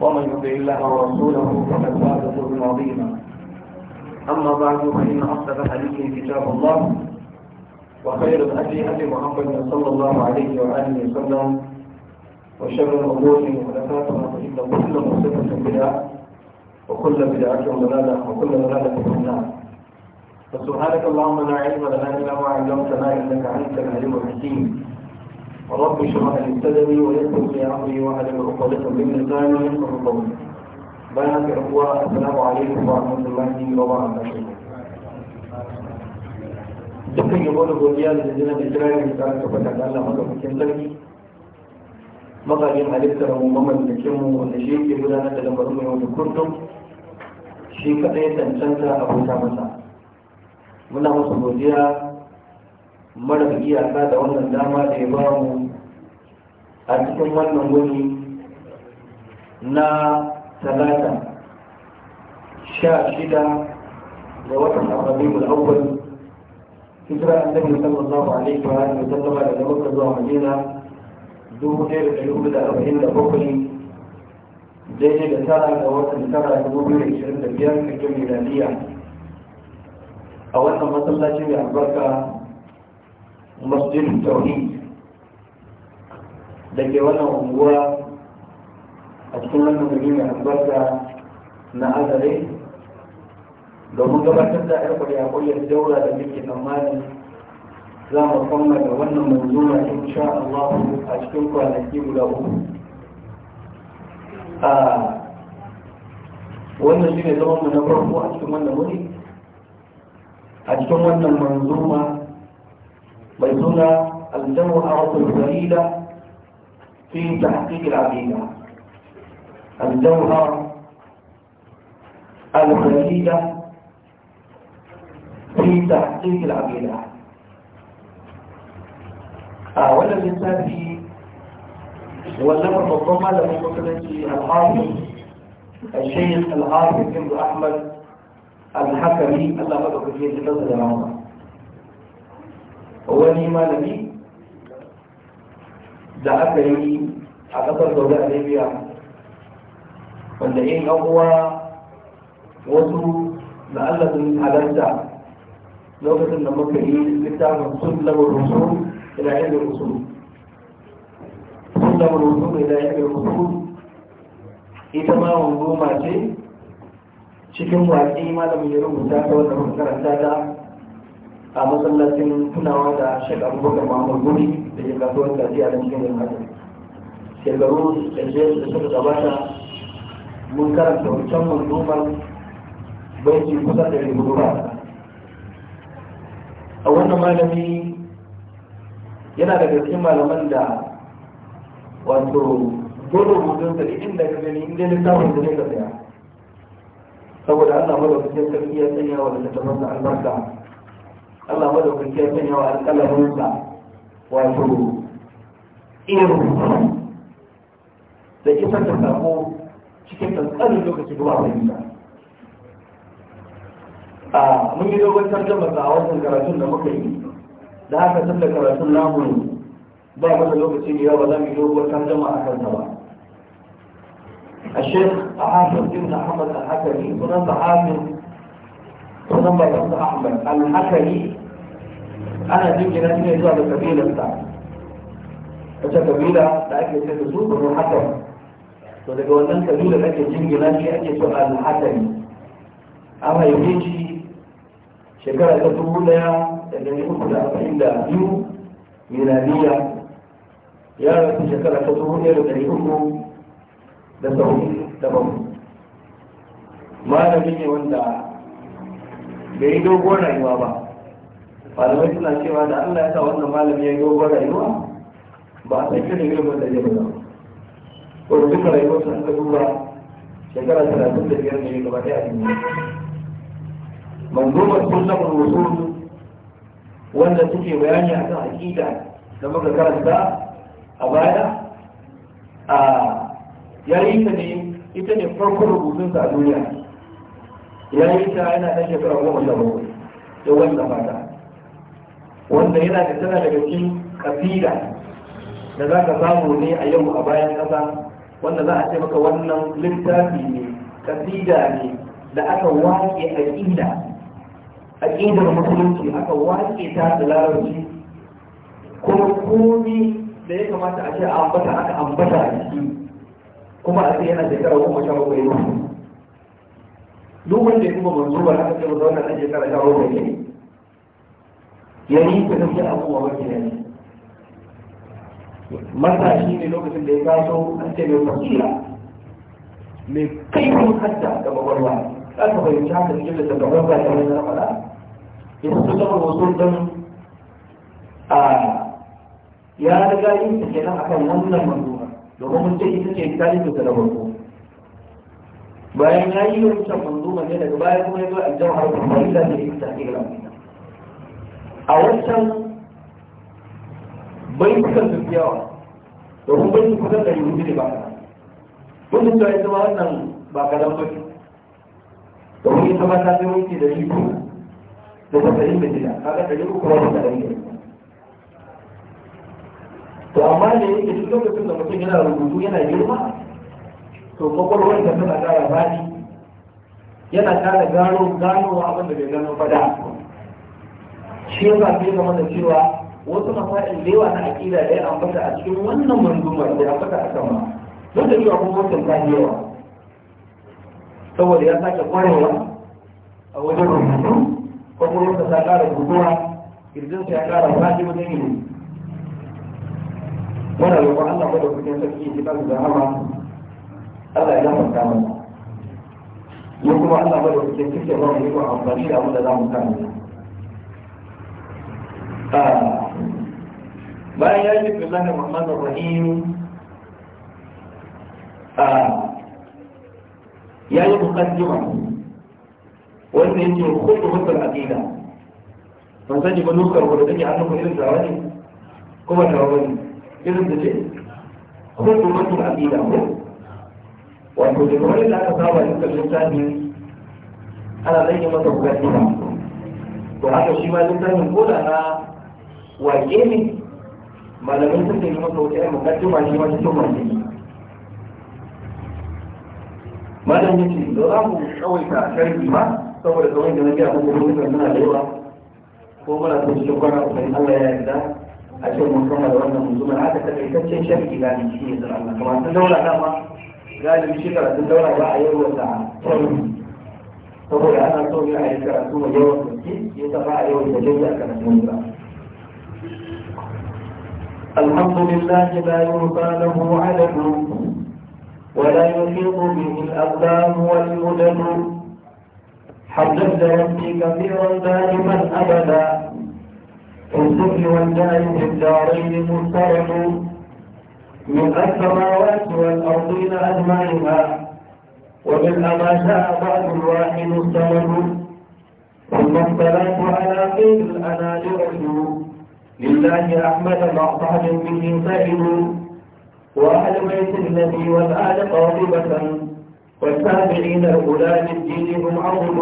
ومن يطع الله ورسوله فقد فاز فوزا عظيما اما بعد فان اصدق حديث كتاب الله وخير الهدي هدي محمد صلى الله عليه واله وسلم وشر الامور محدثاتها فان كل محدثه بدعه وكل بدعه ضلاله وكل ضلاله في النار فسبحانك اللهم لا علم لنا الا ما علمتنا انك انت العليم الحكيم رب اشرح لي صدري ويسر لي امري واحلل عقدة من لساني يفقهوا قولي بارك اخوة السلام عليكم ورحمة الله وبركاته dukkan yabo da godiya da jinjina da kirari da aka fata da Allah madaukakin sarki magajin halittar mu mamallakin mu wanda shi yake gudanar da lamarin mu yau da kullum shi kadai tantanta abota masa muna masa godiya mara iyaka da wannan dama da ya ba mu a cikin wannan wuni na talata sha shida da watan abubuwan awwal hijira annabi sallallahu alaihi wa alihi da daga makka zuwa madina dubu ɗaya da ɗari hudu da arba'in da bakwai daidai da tara ga watan tara dubu biyu da ishirin da biyar mai miladiya a wannan masallaci mai albarka masjid tauhid da ke wani unguwa a cikin wannan gari mai albarka na azare domin gabatar da yar kwari a kwayar daura da muke tsammani za mu kammala wannan manzuma insha Allah a cikin kwanaki guda uku a wannan shi ne zama mu na farko a cikin wannan wuri a cikin wannan manzuma بيننا الجوهرة الفريدة في تحقيق العقيدة الجوهرة الفريدة في تحقيق العقيدة أولا آه، الإنسان في ولما الضمى لما قلت الحافظ الشيخ الحافظ ابن أحمد الحكمي الله أكبر في لنزل رمضان wani malami da aka yi a ƙasar saudi arabia wanda yin abuwa wasu da allah sun halarta lokacin da muka yi littafin sun lamar rusu ila yin rusu sun lamar rusu ila yin rusu ita ma wanzu ce, cikin wasi, malamin ya rubuta ta wanda muka karanta ta a masallacin tunawa da shekaru abubakar muhammad guri da ke kasuwar kaji a cikin hajji shekaru da da suka gabata mun karanta wancan manzumar baiti kusa da rubutu ba a wannan malami yana daga cikin malaman da wato dole rubutun sa da ka gani inda ne samun da ne ka saya saboda Allah madaukakin sarki ya sanya wa da ta masa albarka Allah madaukakin ya sanya wa alƙalaminsa wato iru da isar da sako cikin tsantsanin lokaci zuwa fahimta a mun yi dogon tarjama a wannan karatun da muka yi da haka tun da karatun namu ba mu da lokaci da yawa za mu yi dogon tarjama a kansa ba الشيخ حافظ ابن احمد الحكمي ونبع حافظ ونبع احمد الحكمي ana jingina shi ne zuwa ga kabilarsa wacce kabila da ake ce da su banu hakan to daga wannan kabila da ake jingina shi ake so al hatan an haife shi shekara ta dubu daya da dari uku da arba'in da biyu miladiya ya rasu shekara ta dubu daya da dari uku da sauri da bamu malamin ne wanda bai yi dogon rayuwa ba malamai suna cewa da allah ya sa wannan malami ya yi dogon rayuwa ba a san irin ilimin da ya ba ko duka rayuwar sun ka duba shekara talatin da biyar ne gaba ɗaya a duniya manzumar sunan rusul wanda suke bayani akan aƙida da muka karanta a baya a yayi ta ne ita ne farko rubutun sa a duniya yayi ta yana ɗan shekara goma sha bakwai da wannan mata wanda yana da tana daga cikin kafira da za ka samu ne a yau a bayan ƙasa wanda za a ce maka wannan littafi ne kasida ne da aka wake a ƙidar musulunci aka wake ta da larabci kuma komi da ya kamata a ce a ambata aka ambata a ciki kuma a ce yana shekara goma sha bakwai duk wanda ya kuma manzo ba na ce ba zauna na shekara sha bakwai ne ya yi ta tafi abubuwa wacce ne. yi matashi ne lokacin da ya gaso an ce mai fasila mai kaifin hadda ga babarwa? za ka fahimci haka jirgin da daga ba ta wani rafada faɗa ya fito zama wasu don a ya riga yin ta kenan akan wannan manzuma domin mun ce ita ce ta yi ta da farko bayan ya yi wancan manzuma ne daga baya kuma ya zo aljawar da fa'ila da ita ta ke gaba a wancan bai kusan fi yawa domin bai kusan da hudu ne ba wanda cewa ita ma wannan ba kadan ba domin ita ma ta zai wuce da biyu da tafayin da jida kaga ɗari uku ba da ɗari to amma da yake duk lokacin da mutum yana rubutu yana girma to kwakwalwar da tana ƙara bani yana ƙara gano gano abin da bai gano fada shi yasa sai ga mana cewa wasu masail da yawa na aƙida da ya ambata a cikin wannan manzuma da ya ambata a kan ma duk da cewa kuma wancan ta yawa saboda ya sake kwarewa a wajen rubutu wasu ta ƙara guguwa ta ya ƙara faɗi wajen yi muna roƙon Allah mai da kuɗin sarki ya kitan da hama Allah ya zama mana ya kuma Allah mai da kuɗin sarki ya ba mu yi amfani da abin da za mu kame bayan ya yi bismillahir rahmanir rahim ya yi mukaddima wanda ya yake kullu mutul aqida ban sani ba nukar wanda take an nuna irin tawa ne kuma tawa ne irin da ce kullu mutul aqida ko wato da kamar da aka saba da kallon tani ana zai masa mukaddima to haka shi ma littafin ko da na wake ne malamai sun yi masa wata yamma kan juma ne wani juma ne malam ya ce da za mu tsawaita sharhi ma saboda kawai da na biya muku rubutun suna da yawa ko muna so cikin kwana uku Allah ya yarda a ce mun kama da wannan muzumin aka takaitaccen sharhi gani shi ne da Allah kamar sun daura dama galibi shi karatun daura ba a da sharhi saboda ana so ne a yi karatu mai yawan gaske ya ba a yau da jirgin a karatun ba الحمد لله لا يرضى له عدد ولا يحيط به الأقدام والمدد حدثت يبكي كثيرا دائما أبدا في الذل والجاه في الدارين مضطرب من السماوات والأرضين أجمعها ومن أما شاء بعد الواحد الصمد ثم الصلاة على خير الأناجرة لله أحمد مع به سائل وأهل بيت النبي والآل قاطبة والتابعين الأولى للدين هم عظم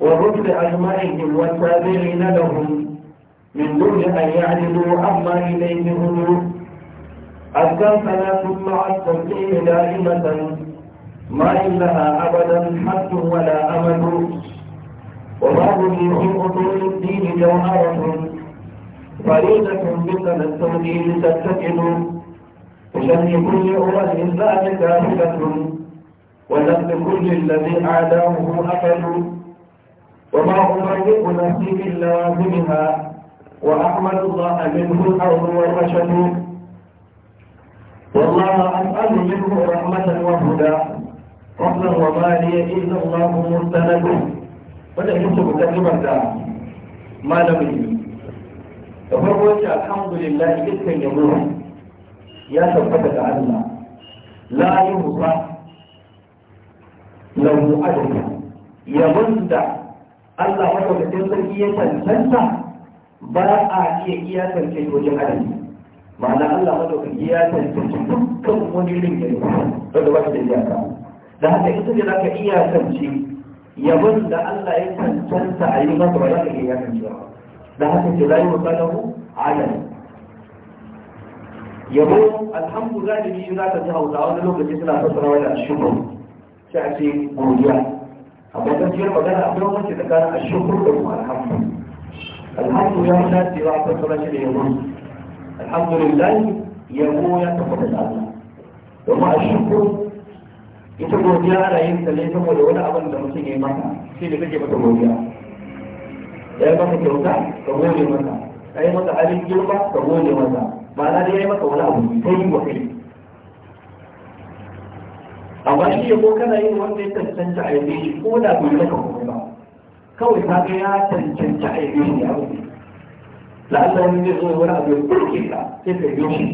والرسل أجمعهم والتابعين لهم من دون أن يعرضوا عما إليه هم أذكرتنا مع التسليم دائمة ما لها أبدا حد ولا أمل وما هم في أصول الدين جوهرة فريدة بك بالتوحيد تتكل بشأن كل أولى أمم الإنسان كافلة وذنب كل الذي أعداه أكل وما أفرق نفسي بلوازمها وأحمد الله منه الأرض والرشد والله أسأل منه رحمة وهدى فضلا وما لي إلا الله مستند ولكن تكلم ما لم يجد da farko ce alhamdulillah dukkan yabo ya tabbata ga Allah la yuhsa lahu adada yabon da Allah madaukakin sarki ya cancanta ba a iya iyakance wajen adadi ma'ana Allah madaukaki ya tantance dukkan wani irin yare wanda ba shi da iyaka da haka in kaje zaka iyakance yabon da Allah ya tantanta a yi masa ba za ka iya iyakance ba da haka ke ce wa yusalahu alal yabo alhamdulillah in za ka ji hausa wani lokaci suna fassara wani shukru sai a ce godiya amma gaskiyar magana abin wacce tsakanin ashukru da kuma alhamdu alhamdu ya fi dacewa a fassara shi da yabo alhamdulillah yabo ya tafi da Allah domin ashukru ita godiya ana yin ta ne saboda wani abin da mutum ya yi maka sai da kake mata godiya ya yi maka kyauta ka gode masa Ka yi maka abin girma ka gode masa na dai ya yi maka wani abu yi wa kai amma shi ko kana yin wanda ya tantance a yabe shi ko da bai maka komai ba kawai ka ga ya tantance a yabe shi ya wuce la'alla wani zai zo wani abu ya burke ka sai ka yi shi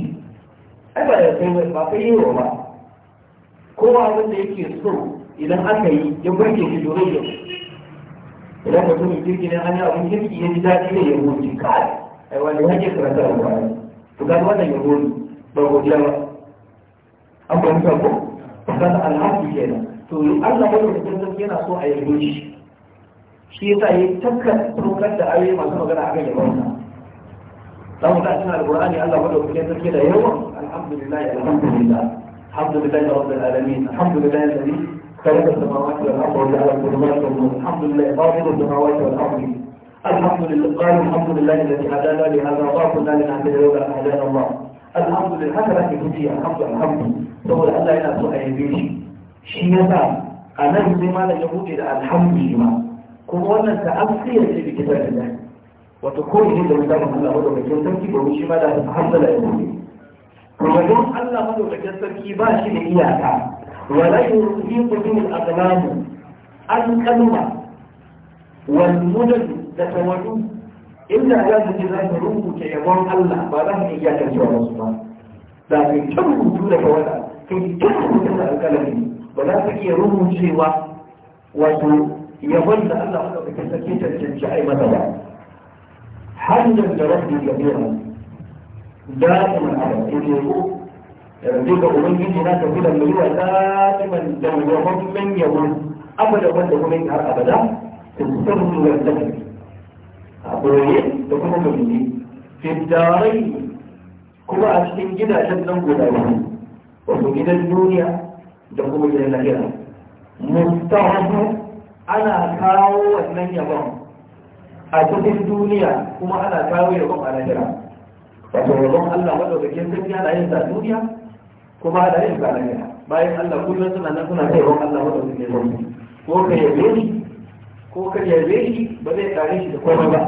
ai ba da kai ba ka yi wa ba kowa wanda yake so idan aka yi ya burke shi domin ya idan mutumin kirki ne an yi abin kirki ya ji daɗi ne ya huce kare. ai wani hake ta da wani to ga wannan ya huce ba godiya ba an ta ko kan alhaji kenan to Allah ya rubuta sarki yana so a yarda shi shi yasa yayi takkar tokar da ayoyi masu magana akan yabonsa dan mu ta cikin qurani Allah ya rubuta sarki da yawa alhamdulillah alhamdulillah alhamdulillah rabbil alamin alhamdulillah alladhi ثلاث سماوات والارض ولها الظلمات الحمد لله فاطر السماوات والارض الحمد لله قال الحمد لله الذي هدانا لهذا وضعفنا لنعمل لولا ان هدانا الله الحمد لله كيف تجي الحمد الحمد سوى ان لا ينسوا اي بيشي شيء يسال انا بما لا يقول الى الحمد لله كم وانا تاثير في كتاب الله وتقول لي لو كان الله هو المكان تركي بروشي ماذا الحمد لله يقول لي ان لا هو المكان تركي باشي لاياك ولكن في قدوم الأقلام الكلمة والمدن تتوجه إلا هذا الجزاء روحك كيوان الله فله إياك سوى الله لكن كم وجودك ولا كي تحفظ الكلام ولا تكي روح سوى وسوء يظل الله حقك سكيت الجنجعي مثلا حمدا لربي كبيرا دائما على الوجود yanzu ga ubangiji na tafi da mai wa da'iman da wajen man yabo abada wanda kuma yi har abada da sirrin da zafi a ɓoye da kuma mulki fitarai kuma a cikin gidajen nan guda biyu wato gidan duniya da kuma gidan lahira mustahabu ana kawo wannan yabon a cikin duniya kuma ana kawo yabon a lahira wato yabon Allah madaukakin sarki yana yin sa duniya kuma da yin zalaya bayan Allah kullum suna nan suna kai Allah wanda suke yi ko ka yabe shi ko ka yabe shi ba zai kare shi da komai ba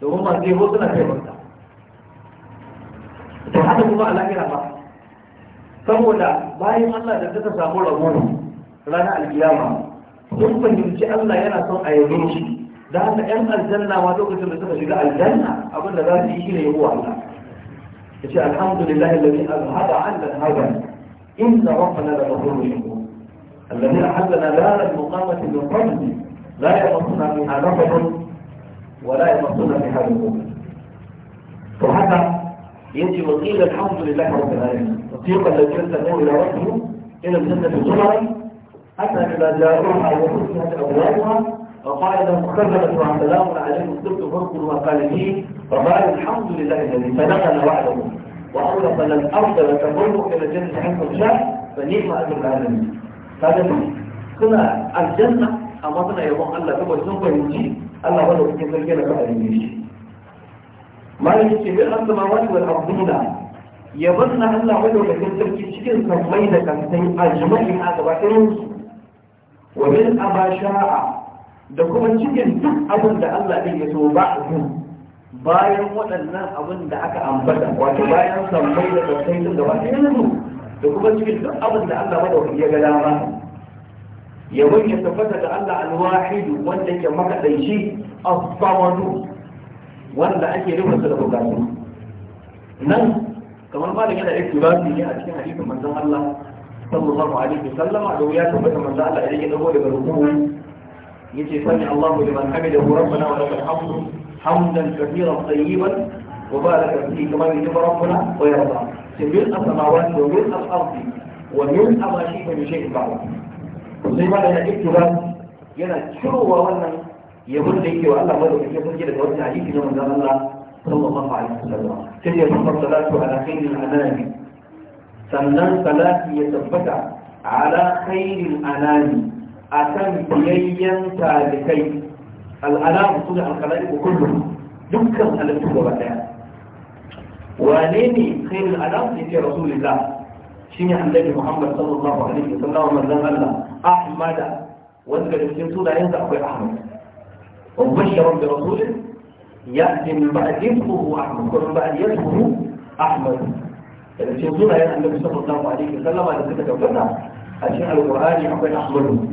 domin masu yabo suna kai ta. to haka kuma a lahira ba saboda bayan Allah da suka samu rabo ranar alkiyama sun fahimci Allah yana son a yabe shi da haka 'yan aljanna ma lokacin da suka shiga aljanna abinda za su yi shi ne yabo Allah يقول الحمد لله الذي أذهب عنا الهدى إن ربنا لغفور شكور الذي أحلنا لا المقامة من قبل لا يمصنا فيها نفر ولا يمصنا فيها نفر فحتى يجي وقيل الحمد لله رب العالمين وطيق الذي يستمعون إلى ربه إلى الجنة الزمر حتى إذا جاءوها وفتحت أبوابها وقائدا مخرجة عن سلام العليم الطب فرق المقالدين وقال الحمد لله الذي صدقنا وعده وأولف الأرض وتمر إلى الجنة حيث شاء فنعم أجر العالمين هذا كنا الجنة أمامنا يوم الله تبقى سنبه يجي الله ولو كنت لك فأرميش ما يجي في السماوات والأرضين يظن الله ولو كنت لك شكل سميدك أنت أجمعها تبقى ومن أبا شاء da kuma cikin duk abin da Allah ɗin ya so ba a bayan waɗannan abin da aka ambata wato bayan sammai da sassai sun gaba ɗaya yanzu da kuma cikin duk abin da Allah madawaki ya ga dama ya ya tabbata da Allah alwahidu wanda ke makaɗaici a samadu wanda ake rufe su da bukatu nan kamar malam yana su yi a cikin hadisin manzon Allah sallallahu alaihi wasallama da wuya tabbata manzon Allah idan ya dago daga rukunin يجي ثاني الله لمن حمده ربنا ولك الحمد حمدا كثيرا طيبا وبارك فيه كما يجب ربنا ويرضى سبيل السماوات وملء الارض وملء ما شئت من شيء بعد زي ما انا جبت بس يلا شو هو ولا يقول لك وقال له ولد كيف تجي لك ولد عليك يوم من الله صلى الله عليه وسلم كيف يفكر ثلاثه على خير الانام سنن ثلاثه يتفتح على خير الانام akan biyayyen talibai al'alamu su da alkalari ko kullum dukkan halittu gaba daya wane ne khairul alam ne ce rasulullah shine annabi muhammad sallallahu alaihi wasallam manzon allah ahmada wanda da cikin sunayen sa akwai ahmad wa basharun bi rasulin ya'ti min ba'di ismuhu ahmad wa min ba'di ismuhu ahmad da cikin sunayen annabi sallallahu alaihi wasallam da suka tabbata a cikin alqur'ani akwai ahmadu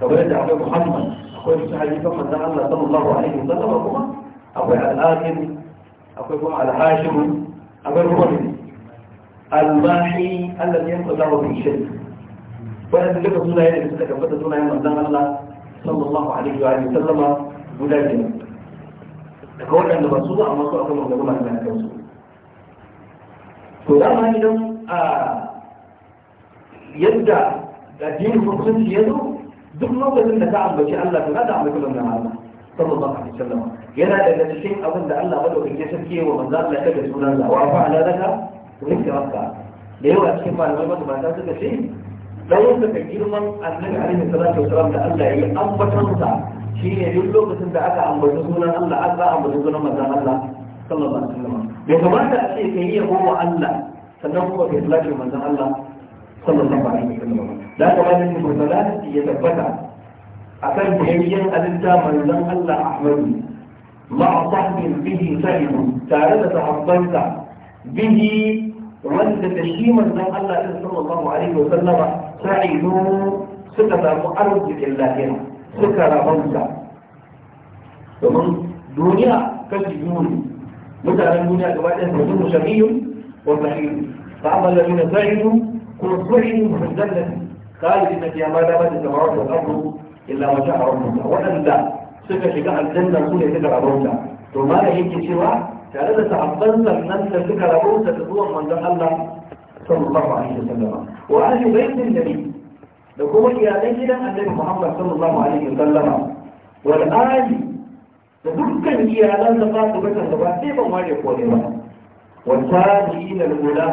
kamar da akwai muhammad akwai su hadisan manzon Allah sallallahu alaihi wasallam kuma akwai al-hakim akwai kuma al-hashim akwai kuma al-mahi alladhi yanqadahu bi shirk wannan duka sunaye da suka tabbata sunayen manzon Allah sallallahu alaihi wa sallam guda ne daga waɗanda ba su ba amma su akwai magana malamai a kansu to dama idan a yadda addinin musulunci ya zo duk lokacin da ta ambaci Allah to ka ambaci manzon Allah sallallahu alaihi wasallam yana daga cikin abin da Allah madaukake sarki wa manzon Allah daga sunan Allah wa fa ala zaka rinka maka da yawa cikin malamai wanda mata suka ce dayan daga girman annabi alaihi salatu wasallam da Allah ya ambatar sa shine duk lokacin da aka ambaci sunan Allah an aka ambaci sunan manzon Allah sallallahu alaihi wasallam bai kamata a ce kai yabo wa Allah sannan kuma kai salatu manzon Allah صلى الله عليه وسلم لا تقال من مرسلات يتبتع أكل بهيئة أدلتا من لم ألا أحمد مع صحب به سعيد تعالى تحبنت به وانت تشيما لم ألا صلى الله عليه وسلم سعيد سكرا مؤرد لله سكرا مؤرد ثم دنيا كالجنون متى من دنيا كبعدين فهو شقي وسعيد فأما الذين سعيدوا وصحي مذلة قال إنك يا ما دامت السماوات والأرض إلا ما شاء ربك وأن لا suka shiga aljanna su ne suka rabauta to mana yake cewa tare da sahabban nan da suka rabauta da zuwan manzon Allah sallallahu alaihi wasallam wa ahli baitin nabi da kuma iyalan gidan annabi Muhammad sallallahu alaihi wasallam wal ali da dukkan iyalan da ba su bata da ba sai ban ware ko ne ba wa tabi'in al-ula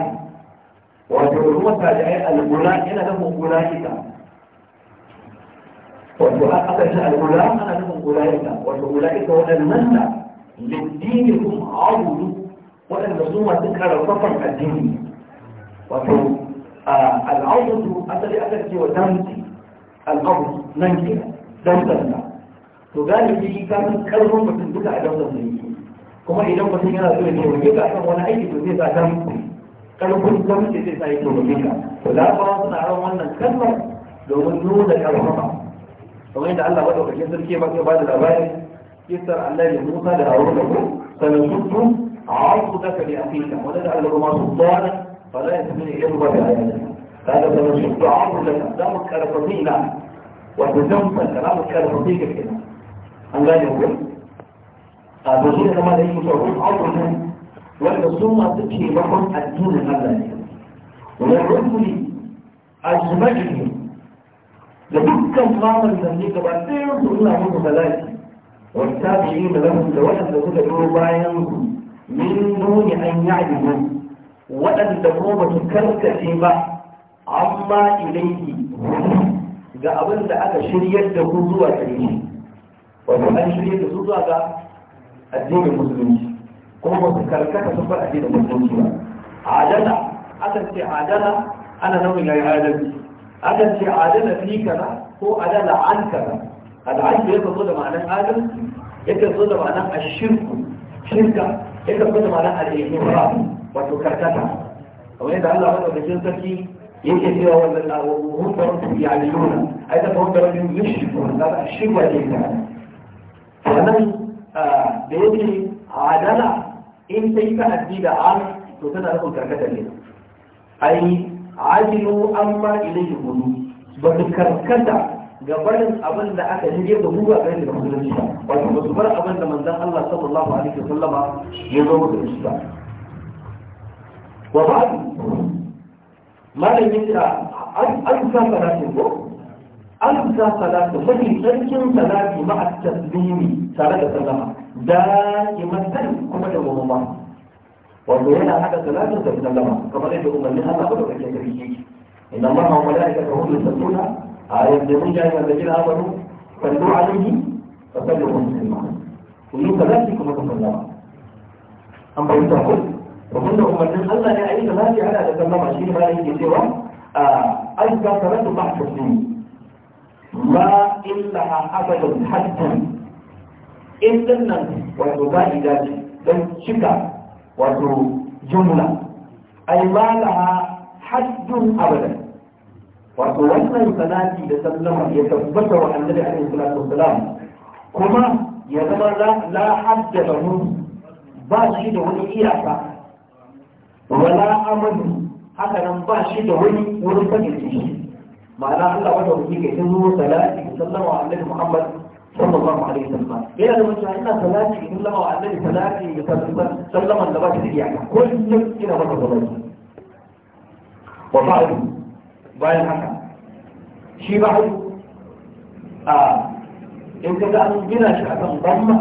wato ruwata da ai algula yana nufin gula'ika wato aka ce algula ana nufin gula'ika wato gula'ika waɗannan da lindini kun abudu waɗanda su masu karfafan addini wato al'abudu asali aka ce wa damti al'abudu nan ke damtarsa to galibi ka san karfin mutum duka a damtar da yake kuma idan mutum yana so ya taimake ka kan wani aiki to zai sa damtar ƙarfin gwamnati zai sa yi tobe ka to da ba suna ran wannan kalmar domin nuna karfafa kamar yadda Allah ba daukakin sarki ba ke ba da labarin kisar Allah ya Musa da Harun da ku sanin kuntu a wasu zaka ne a fita wanda da Allah ma su tsara fa la yasmin ilayhi wa ta'ala kaga sanin kuntu a wasu zaka za mu karfafi na wato zan fanta mu karfafi ka kenan an gane ku a to shi da kamar da yake so a wasu وأن ثم لهم الدين المدني ويقول لي أزمجني لبك القامة المملكة بأنه يقول الله من ملاك والتابعين لهم سواء الذين يقولوا من دون أن يعلموا وأن دقومة كرك فيما عما إليه إذا أبدا أنا شريعة دقوزوة إليه وأنا شريعة دقوزوة الدين المسلمين kuma ba su karkata sun bar addinin musulunci ba adala akan ce adala ana nauyin yayi adalci akan ce adala fi kaza ko adala an kaza al'adala yake so da ma'anar adalci yake so da ma'anar ashirku shirka yake so da ma'anar al'ihra wato karkata kamar yadda Allah madaukakin sarki yake cewa wannan na wa hum da rabbihim ya'maluna ai da hum da rabbihim yushrikun da shirka ne ta wannan da yake adala in ta yi ta'addi da an to tana nufin karkata ne ai ajilu amma ya hudu ba su karkata ga barin abin da aka shirya da mu a gare da musulunci ba wato ba su bar abin da manzon Allah sallallahu alaihi wasallama ya zo da shi ba wa ba malam yake an sa salatin ko an sa salatin mafi tsarkin salati ma'a taslimi tare da sallama دائما كما يقول الله والله لا احد ثلاثه من الله كما يقول من لك قبل الكريم ان الله وملائكته هم يصلون على آية النبي جاء الذين امنوا صلوا عليه فصلوا مسلما كل ثلاثه كما يقول الله اما انت قلت فقلت لهم ان الله لا يعين الله على ان الله شيء ما يجي سوى آه، ايضا ثلاثه بعد ما الا احد حتى in din nan wato ba ida ce don cika wato jumla ai ba laha haddun abadan wato wannan salati da sallama ya tabbata wa annabi alaihi salatu wassalam kuma ya zama la hadda lahu ba shi da wani iyaka wala amadu haka nan ba shi da wani wurin fadin shi ma'ana Allah wata wuce ke sun zo salati sallama wa annabi Muhammad صلى الله عليه وسلم إلى لما شاهدنا ثلاثة إن الله وعلمني ثلاثة يتسلم سلما لبات الرياح كل إلى مرة ثلاثة وفعلوا باين حكا شي بعد آه إن كذا أن بنا شعبا ضمة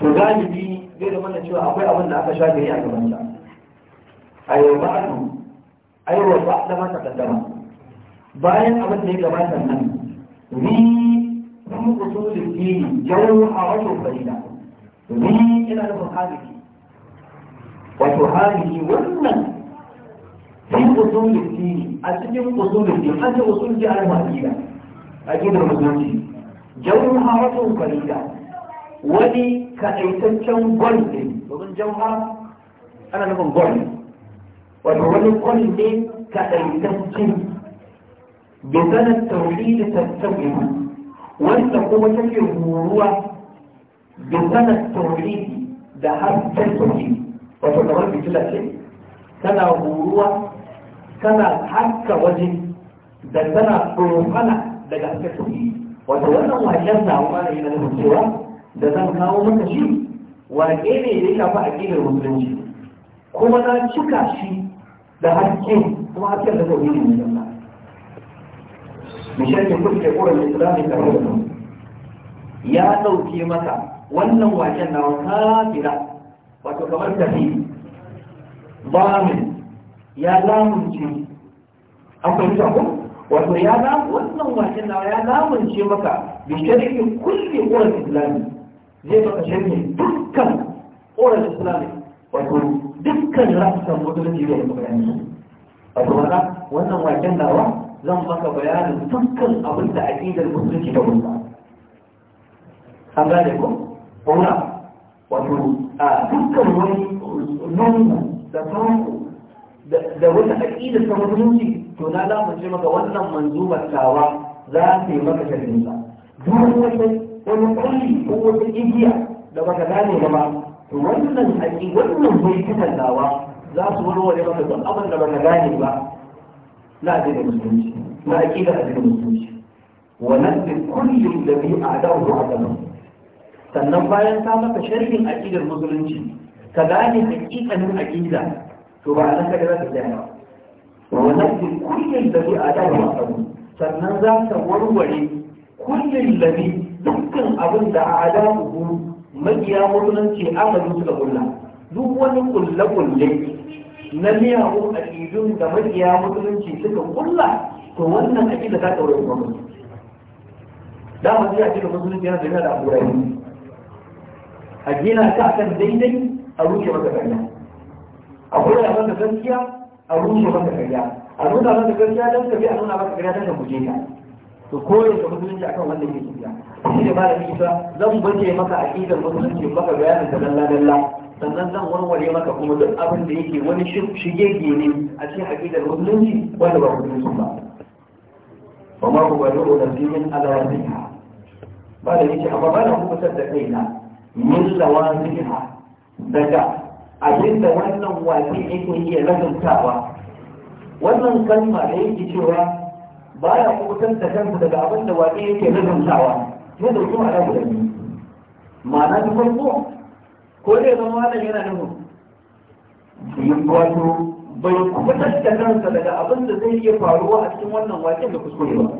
تغالبي غير من شو أقوى أبن أكا شاهدني أكا من شاهد أيوة بعد أيوة بعد ما تقدم باين أبن ليك ما تنم هم أصول الدين جوهرة الفريدة domin ina nufin haliki wato haliki wannan fi usulin dini a cikin usulin dini an ce usulin dini alama aqida aqida musulunci jawha wato farida wani kaɗaitaccen gwal ne domin jawha ana nufin gwal wato wani gwal ne kaɗaitacce bisanar tauhidi tattaunin wanda kuma take horuwa da sanar tauri da hasken tauri wato wani fitila ce tana horuwa tana haska waje da tana tsofana daga hasken tauri wato wannan wajen na wani yana na cewa da zan kawo maka shi wake ne ya a aƙidar musulunci kuma na cika shi da haske kuma hasken da tauri ne min sharri kulli quran da karama ya dauke masa wannan waken na kafira wato kamar tafi min ya lamunce akwai ta ko wato ya ga wannan waken na ya lamunce maka bi sharri kulli quran islam zai maka sharri dukkan quran islam wato dukkan rafsan mutunci da bayani wato wannan waken nawa لم تكن بيان تنقل قبل تأكيد المسلمين تقول أما لكم هنا وفي تنقل وين نوما تتعلم دولة تأكيد المسلمين تقول لا مجرمة وانا منذوبة كاوة ذات مكة الإنسان دون مكة ونقول لي قوة الإجياء لما لما تقول لنا الحقيقة وانا مجرمة ذات مكة الإنسان أبدا لما na addinin musulunci na aƙida addinin musulunci wa nasbin kullum da bi a dawo a gaba sannan bayan ta maka sharhin aƙidar musulunci ka gane hakikanin aƙida to ba a nan kada za ka tsaya ba Wannan nasbin kullum da a dawo a gaba sannan za ka warware kullum da bi dukkan abin da a adamu makiya musulunci aka yi suka kulla duk wani kulle-kulle na miyagun aƙidun da makiya musulunci suka kulla to wannan aƙida ta ɗaure kuma mutum dama sai aƙida musulunci yana tafiya da aburai a gina ta kan daidai a rushe maka karya a kula da maka gaskiya a rushe maka karya a nuna maka gaskiya don ka bi a nuna maka karya don ka guje ka to koyar ka musulunci akan wanda ke tafiya shi ne ba da nisa zan bace maka aƙidar musulunci maka bayanin da lalla-lalla. sannan zan warware maka kuma duk abin da yake wani shige ne a cikin aqidar musulunci wanda ba musulunci ba wa ma ku bari da cikin alawaziha ba da yake amma ba na kubutar da kaina min lawaziha daga abin da wannan wace yake iya lazantawa wannan kalma da yake cewa ba ya kubutar da kansa daga abin da wace yake lazantawa ne da kuma alawaziha ma'ana ta farko ko zai zama wannan yana nufin wato bai kubutar da kansa daga abin da zai iya faruwa a cikin wannan waken da kuskure ba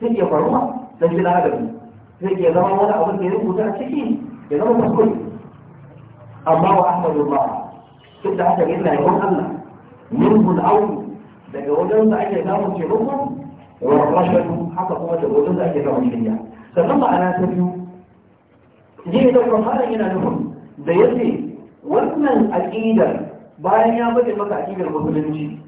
zai iya faruwa don shi lagabi zai iya zama wani abin da ya rubuta a ciki ya zama kuskure amma wa ahmadu ba duk da haka yana yawan allah min hul'au daga wajen da ake samun taimako wa rashadu haka kuma daga wajen da ake samun shirya sannan ma'ana ta biyu ne da kuma yana nufin da ya ce wannan aƙidar bayan ya bade maka aƙidar musulunci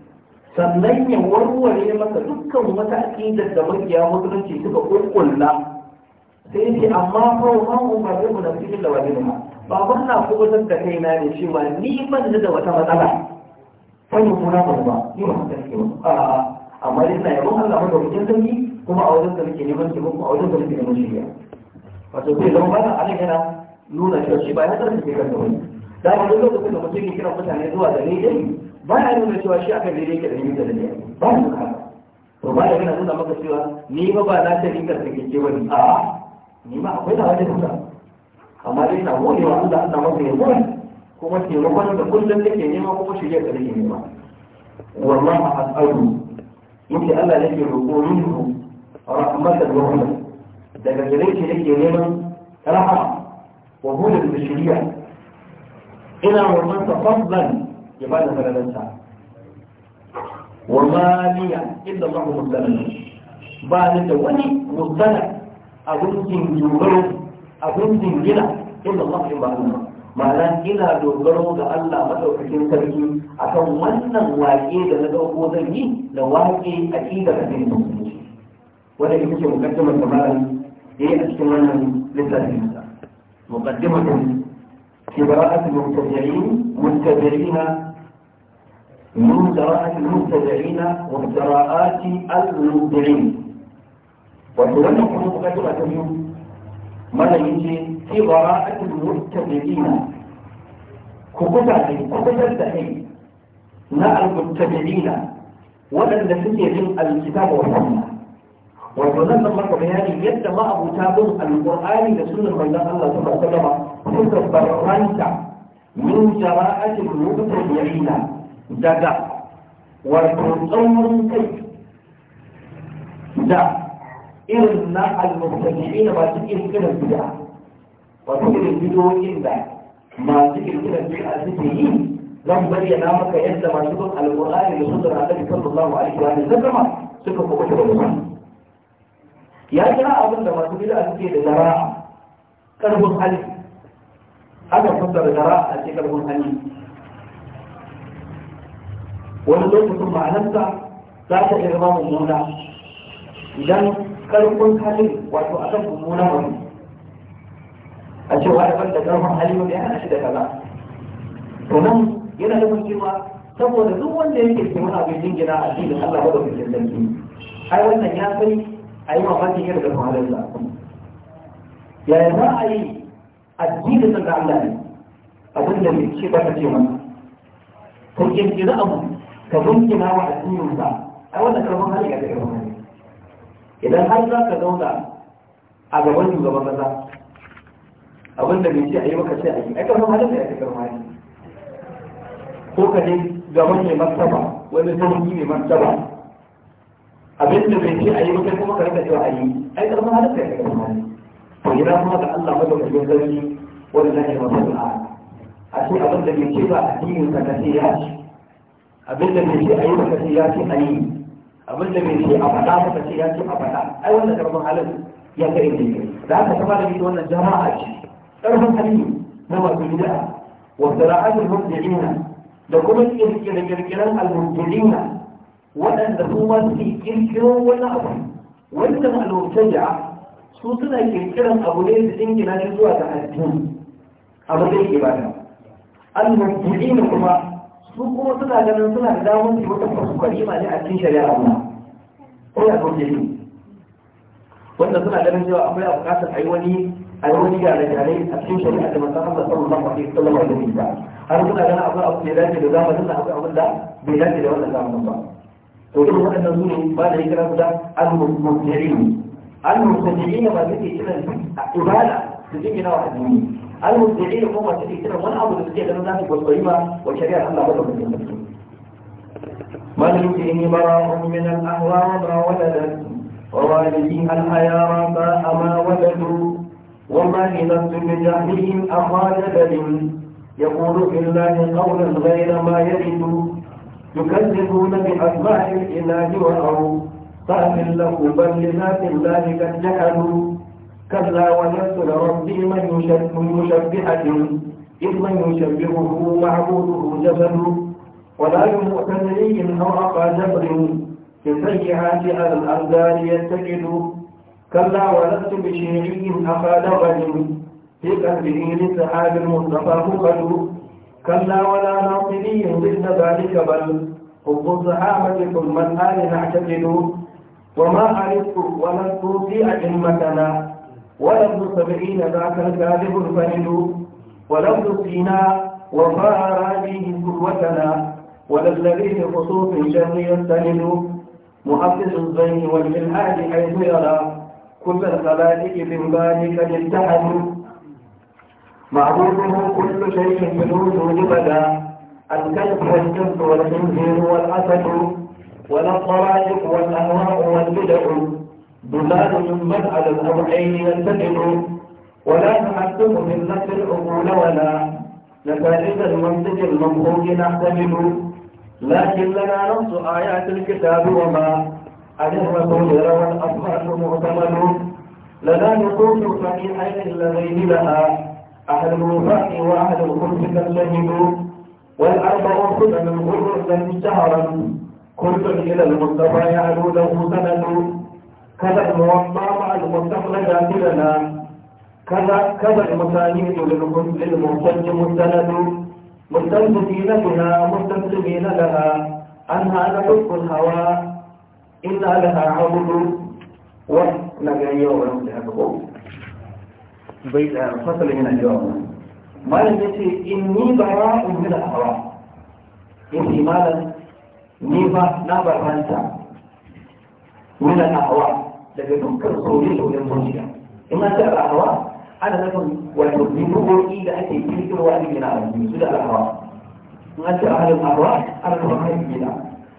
sannan ya warware maka dukkan wata aƙidar da makiya musulunci suka ƙulƙulla sai ce amma ko ma mu ba zai mu da cikin da wani ba ba na kubutar da kai na ne cewa ni ban da wata matsala fannin kuna ba ba ni ba ta ne ba amma dai na yabon Allah maka wajen sarki kuma a wajen da nake neman taimako a wajen da ne neman shirya wato sai zama ba a nan nuna cewa shi ba ya zarafi ke kan wani da haka duk lokacin da mutum ya kira mutane zuwa da daidai ba ya nuna cewa shi akan daidai ke da yi da ne ba ya ka to ba ya nuna maka cewa ni ba ba na ta rikar da kike wani a ni ma akwai da wani nuna amma dai na wani wa Allah Allah maka ya wani kuma taimakon da kullum take nema kuma shirya da ke nema wallahi hasaru yake Allah yake roƙo minhu rahmatan wa rahmatan daga gare shi yake neman rahama وهول البشرية إلى ومن تفضل يبقى فلا ننسى وما لي إلا الله مبتلى بعد الدواني مبتلى أقول سين جوهر أقول سين جنة إلا الله يبقى لنا ما لا إلا دوغرو دا الله مدعو كتين تركي أكو ونن وائي دا لدعو قوضي لوائي أكيد كتين تركي ولكن يمكن مقدمة كمان هي أشتغلنا للتاريخ مقدمة في براءة المبتدعين مبتدعين من براءة المبتدعين وابتراءات المبدعين وتولى حروف غير اليوم ماذا يجي في براءة المبتدعين كبتا أي كبتا أي نا المبتدعين ولن نسمي الكتاب والسنة وربنا لما قال بياني يدعى ابو تابون القران والسنه من الله صلى الله عليه وسلم كنت برانتا من جراءة الملوك تبيعينا جدا والمؤمن كيف جدا إلنا المبتدعين ما تكين كنا بدا وكل الفيديو إلنا ما تكين كنا بدا سيئي لم بري نامك يدعى ما تكون القرآن لسنة الله صلى الله عليه وسلم سكما سكما سكما سكما ya kira abin da masu bid'a suke da zara karbun hali aka da zara a ce karbun hali wani lokacin ma'anarsa za ta iya zama mummuna idan karfin hali wato akan mummuna wani a cewa da da karfin hali wani ya hana shi da kaza to nan yana da cewa saboda duk wanda yake kuma abin jingina a cikin Allah madaukakin sarki ai wannan ya kai a yi mafarki yadda da wahalar da yaya za a yi addini da Allah ne abin da bai ce ba ka ce masa ka kirkiri abu ka bunkina wa addinin sa ai wannan karfin hali ga karfin hali idan har za ka zauna a gaban shugaban kasa abin da bai ce a yi maka ce a yi ai karfin halin da ya karfin hali ko ka ne gaban mai martaba wani sarki mai martaba abin da bai ce a yi mutum kuma ka cewa a yi ai karfin halitta ya kaga mutane to ina kuma ga Allah madaukakin sarki wanda zai yi masu da'a a ce abin da bai ce ba addinin ka kace ya ce abin da bai ce a yi ba kace ya ce a yi abin da bai ce a faɗa ba kace ya ce a faɗa ai wannan karfin halin ya kai ne da aka saba da ita wannan jama'a ce karfin hali na masu bid'a wa sara'atul mubtadina da kuma kirkiran kirkiran al-mubtadina waɗanda su ma suke kirkiro wani abu wanda al-mubtadi'a su suna kirkiran abu ne su dingina shi zuwa ga addini abu da yake bada al-mubtadi'ina kuma su kuma suna ganin suna da damar su wata kwaskwari ma ne a cikin shari'a Allah ko ya kauce ni wanda suna ganin cewa akwai a bukatar ai wani ai wani gare gare a cikin shari'a da masu Allah sallallahu alaihi wasallam da har suna ganin akwai abu da ya dace da zamanin da akwai abin da bai dace da wannan zamanin ba وتقول أن نقول بعد الكلام ده المبتدعين المبتدعين ما تدري كده عبالة تدري نوع واحد منهم المبتدعين هم ما تدري من أول تدري كده نوع واحد والشريعة الله بطل من المبتدعين من يدين براء من الأحرام ولدت ووالدين الحياة ما أما ولدوا وما نظمت من جهلهم أخاذ بل يقول في الله قولا غير ما يجدوا يكذبون بأسماء الإله وأو فأمن له بل لذات الله قد جحدوا كلا ويسر ربي من مشبهة إذ من يشبهه معبوده جبل ولا لمعتذري أقى جبر في سيئات على الأنذار يتكل كلا ولست بشيعي أخا لغد في قلبه لسحاب المصطفى هقل كلا ولا ناصري ضد ذلك بل حب صحابتكم من آل نعتقد وما عرفت ولن توصي أئمتنا ولفظ سبعين ذاك الكاذب الفرد ولفظ سينا وفاء راجيه قوتنا وللذي خصوص الشر يستند محفظ الزين والملحاد حيث يرى كل الخلائق من ذلك اتحدوا معروفه كل شيء من وجود بدا الكلب والجنب والخنزير والأسد والطرائق والأهواء والبدع دلال ممن على الأوعين ينتقل ولا نحكم من نفس العقول ولا نتائج المنطق المنطوق نحتمل لكن لنا نص آيات الكتاب وما عن الرسول روى الأصحاب لنا نصوص صحيحين اللذين لها أهل الوفاء وأهل الخلف لم شهدوا والأربع سنن الغر لم كل إلى المصطفى يعلو له سند كذا الموضع مع المصطفى لنا كذا كذا المسانيد للمحتج مستند مستمسكين بها مستسلمين لها أنها لحب الهوى إنها لها عبد ونجعي ونجعي ونجعي bai fasala yana jawa malam ya ce in ni bara in mina a hawa in ni malam ni ba na baranta mina a hawa daga dukkan sauye-sauyen zuciya in an taɓa a hawa ana nufin wato jimuro'i da ake kirkirwa ne na abu su da al'awa in an ce ahalin al'awa ana nufin hain gida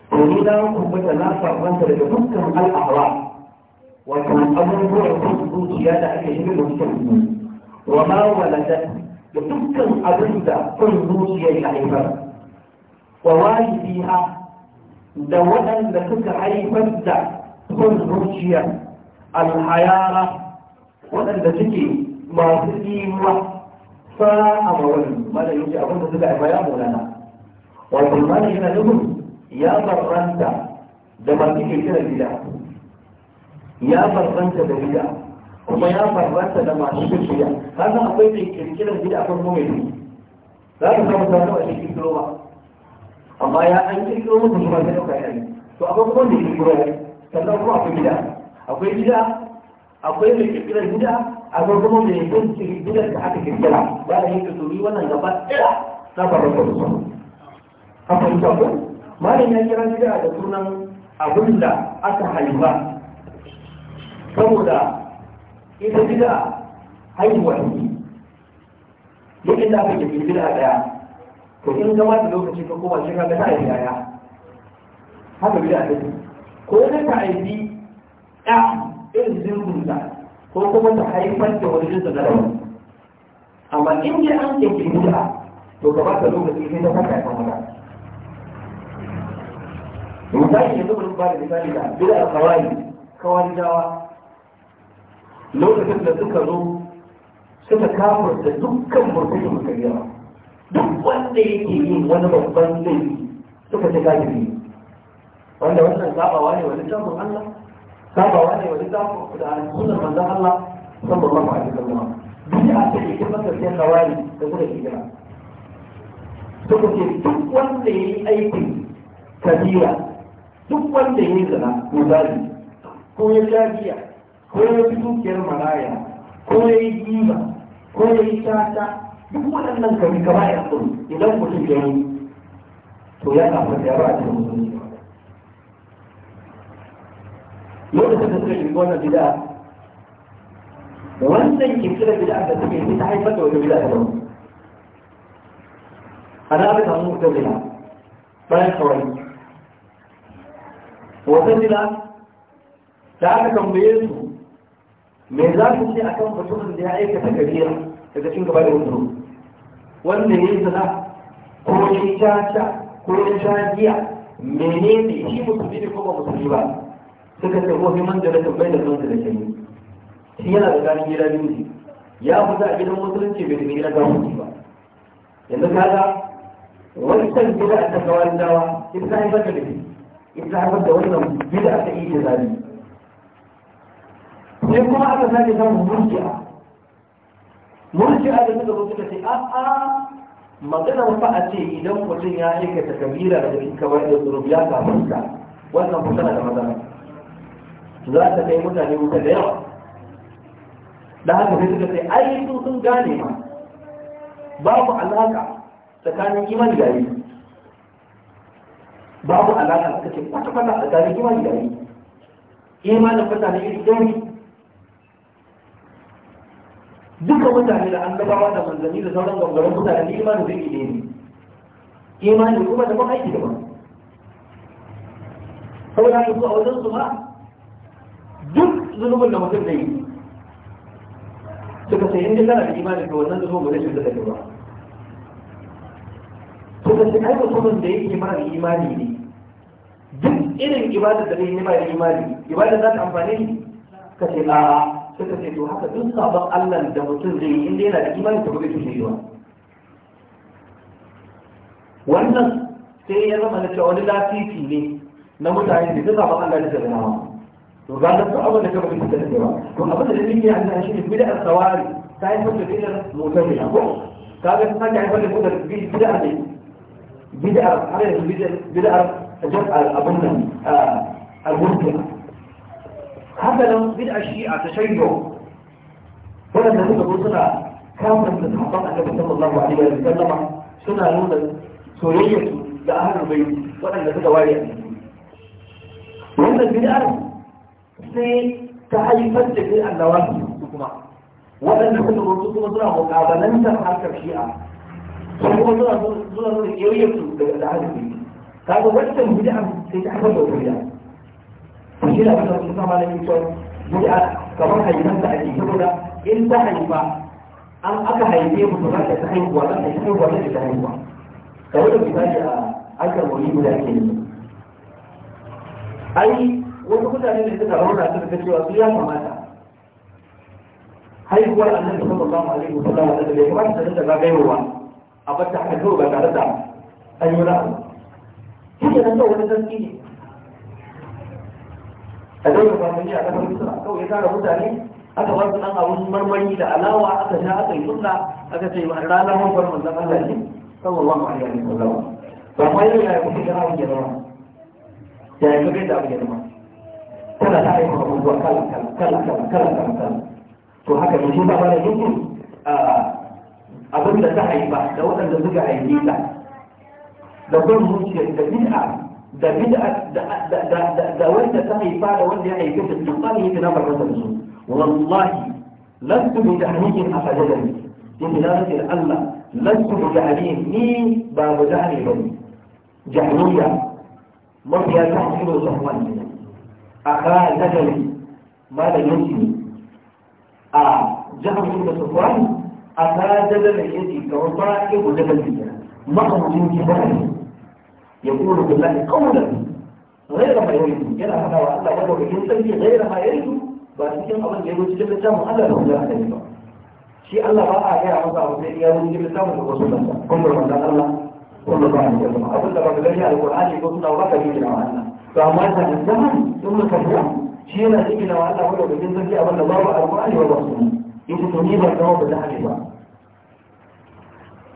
to ni na kumbata na sabanta daga dukkan al'awa wato abubuwan zuciya da ake shirin da suke wa ma waladat da dukkan abin da kun zuciya ya haifar wa warisiha da waɗanda suka haifar da kun zuciya alhayara waɗanda suke masu imuwa sa'a ma wani mana yake abin da suka haifar ya mulana wato mana yana nufin ya barranta da masu ke kira gida ya barranta da gida kuma ya farranta da masu har zan akwai mai kirkirar gida a kuma mai za ka samu ta taɓa cikin kirkiro ba amma ya an kirkiro mutum kuma zai ɗauka yanzu to a akwai kuma da kirkiro sannan kuma akwai gida akwai gida akwai mai kirkirar gida akwai kuma mai kirkirar gida da aka kirkira ba a yi kirkiri wannan gaba ɗaya na farranta da su a fahimta ko malam ya kira gida da sunan abin da aka haifa saboda ita bida haihuwa ne yake da aka yi bida daya to in gama da lokaci ka koma shi kaga ta haifi yaya haka bida ta ko ta ta aiki ya irin da ko kuma ta haifar da wani jinsa na daban amma in dai an ke bida to gaba da lokaci sai ta fata ya kamata misali yanzu bari ba da misali da bida kawai kawai jawa lokacin da suka zo suka kafar da dukkan murtali suka yi duk wanda yake yin wani babban laifi suka ce kafiri wanda wannan sabawa ne wani tafin Allah sabawa ne wani tafin da sunan manzon Allah sallallahu alaihi wasallam duk a ce yake masa sai kawai da kuma hijira suka ce duk wanda yi aikin kabira duk wanda yi zana misali ko ya sha biya ko ya fi dukiyar maraya ko ya yi giba ko ya yi tata duk waɗannan kabi kama ya tsoro idan mutum ya yi to ya kafa da yawa a cikin musulunci lokacin da suka shiga wannan bida wannan kirkirar bida da suke yi ta haifar da wata bida ta dawo a na abin samun mutum bida bayan kawai wata bida da aka tambaye su me za ku ce kan mutumin da ya aikata kabira daga cin gaba da wuturu wanda ya zina ko ya caca ko ya sha giya menene shi musulmi ne ko ba musulmi ba suka ce muhimman da rashin bai da kansu da yi shi yana da gani gida biyu ya za a gidan musulunci bai da gidan gawunci ba yanzu kaga wancan gida a kawar dawa ita haifar da ita haifar da wannan gida ta iya zabi sai kuma aka sake samun murji'a murji'a da suka zo suka ce a'a magana fa a ce idan mutum ya aikata kabira da cikin kawai da tsoro ya samu ka wannan ku tana da matsala za ta kai mutane wuta da yawa da haka sai suka ce ai su sun gane ma babu alaka tsakanin imani da yi babu alaka suka ce kwata-kwata tsakanin imani da yi imanin mutane iri ɗari. duka mutane da annabawa da manzanni da sauran gangaren mutane da imanin zai ne ne imanin kuma da kuma aiki daban da su a wajen su ma duk zunubin da mutum zai yi suka sai inda kana da imanin to wannan zunubin ba zai shiga da ba suka sai ai mutumin da yake mara imani ne duk irin ibadar da zai yi mara imani ibadar za ta amfani ka ce a'a suka ce to haka duk sabon Allah da mutum zai yi inda yana da imani ta gobe tushe yiwa wannan sai ya zama na cewa wani lafifi ne na mutane da duk sabon Allah da zai nawa to ga da su abin da ka bari suka tafi ba to abin da nake a nan shine bid'a sawari ta yi fata bid'a mutane ko kaga ta ta yi fata bid'a bid'a ne bid'a har yanzu bid'a bid'a abin nan al-murtala هبل بدأ الشيعة تشيعوا ولم نكون بصنع كاملا من الحقاء النبي صلى الله عليه وسلم سنة نودة سورية لأهل البيت ولم نكون واعيا ومن البدع سي تحيفة لكي النواسي حكومة ولم نكون بصنع مقابة لم تنحرك الشيعة سنكون بصنع نودة يويبتوا لأهل البيت هذا وجد البدع سيتحفظ البدع to shi da aka sun sama da mutuwa bid'a kamar haifan da ake saboda in ta haifa an aka haife mutum za ta haihuwa za ta haihuwa za ta haihuwa kamar da misali a aka wuri guda ke ne ai wasu mutane da suka rauna suka ga cewa su ya kamata haihuwar annabi sallallahu alaihi wasallam wanda bai kamata ta dinga zagayowa a bata haka kawai ba tare da an yi wani abu shi ne nan wani sarki ne a zai kwanani a kasar misra kawai ya tara mutane aka ba su dan abun marmari da alawa aka sha aka yi sunna aka ce ranar bar manzan Allah ne sallallahu alaihi wa sallam ba ma yau ya kuke gana abin girma ya yi kaga da abin girma kala ta aika abubuwa kala kala kala kala kala kala kala to haka ne shi ba bane yin abin da ta haifa da waɗanda suka haife ta da ban zuciya da bid'a ده بدأت ده وانت تقي فعلا وانت يعني كنت تقاله في نظر رسل الله والله لست بتحنيك أفجدني انت لابد الألم لست بتحنيك مي باب جهني بني جهنية مرحي تحصيل صحوان أخاء نجلي ماذا يمكن آه، جهنية صحوان أخاء جدل يدي كرباك وجدل بيها ما هو يمكن بني يقول بالله قولا غير ما يريد كلا هذا وألا وجه الإنسان غير ما يريد بس الله الله يقول جل تام هذا لو جاء كلمة شيء الله رأى يا رب العالمين يا رب جل تام الرسول كم رب الله كل ما أقول لك رب العالمين القرآن يقول لنا ورث في جماعنا فهم هذا الزمن ثم كذا شيء لا تجينا وألا وجه الإنسان كلا هذا الله القرآن والرسول يقول تنيب الله بالله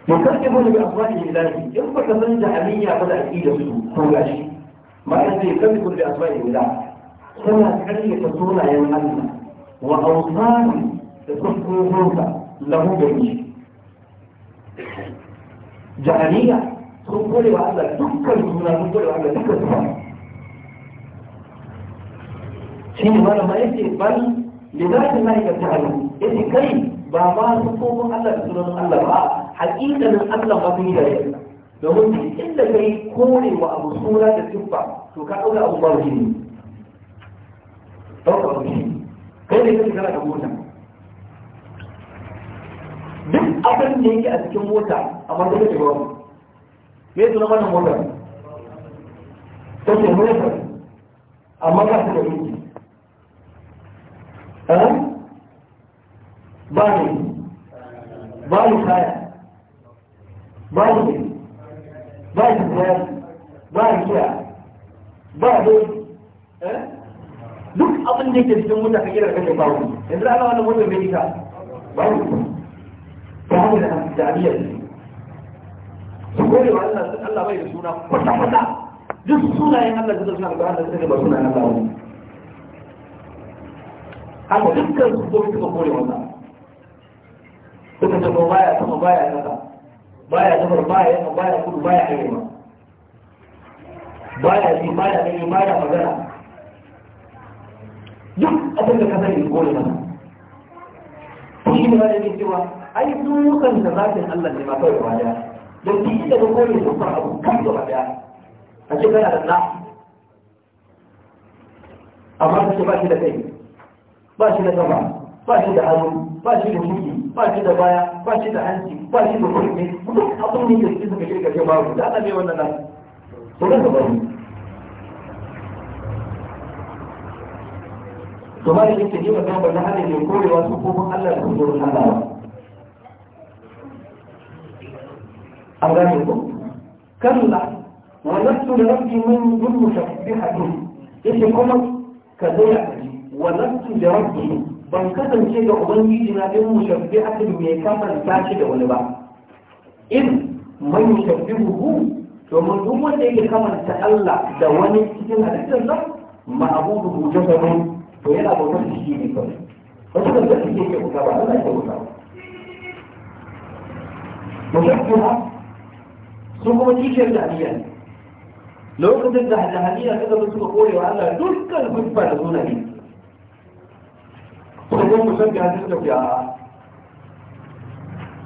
مكذبون بأصواتهم الله إن فكذن جهمية بدأت إيدا هو فولاش ما الذي يكذب بأصواتهم الله سنة كرية تسونا ينهلنا وأوصان تسكوا فوتا له بيش جهمية تقول وعلا تكر سونا تقول وعلا تكر سونا شيء ما لما يأتي بل لذات ما يتعلم إذ كيف بابا سكوه الله سنة الله haƙiƙanin Allah ba su yi da yadda domin duk inda ka yi kore wa abu suna da tuffa to ka ɗauka abu babu shi ɗauka abu shi kai ne kake kana da mota duk abin da yake a cikin mota a matsayin da babu me suna wannan motar ta ce motar amma ba su da miki ba ne ba ne kaya babu ne ba jihari ba kira ba dai eh? duk abin da ke cikin mutaka kira kan da babu yanzu ana wannan mutum bai ita babu ta hanyar da abiyar su kore wa Allah sun Allah bai da suna kwata kwata duk sunayen Allah da suna da Allah sai ba suna na ba haka dukkan su ko suka kore wannan suka ce ko baya kuma baya kaza بايع دبر بايع بايع كل بايع حيما بايع دي بايع دي بايع مجالا جب أبن كفاني يقول لنا تشيب هذا من سوى أي دوقا تزاكي الله لما تقول بايع لو تيجي تقول لي سفر أبو كم دوقا بايع أشيب هذا لا أمرا تشيب باشي لكي باشي لكي باشي لكي باشي لكي ba shi da baya ba shi da hanci ba shi da kurmi duk abin da yake cikin suka shirka da ana mai wannan nan to da babu to ba yake yi ba ba na ne korewa su ko kuma Allah da hukumar Allah an gane ku kalla wa da rabbi min dun mushabbihatin yace kuma ka zo ya wa da rabbi ban kasance da ubangiji na in mushabbi akan mai ta shi da wani ba in man yushabbi hu domin duk wanda yake kamanta Allah da wani cikin halittar nan ma'abudu hu jasadun to yana bautar da shi ne kawai wasu da zai ke kyauta ba Allah Ba mushabbi ha sun kuma kishiyar da aliyya lokacin da jahiliya ta bi suka korewa Allah dukkan hujja da sunaye kuma mu san ga hadisi da ku a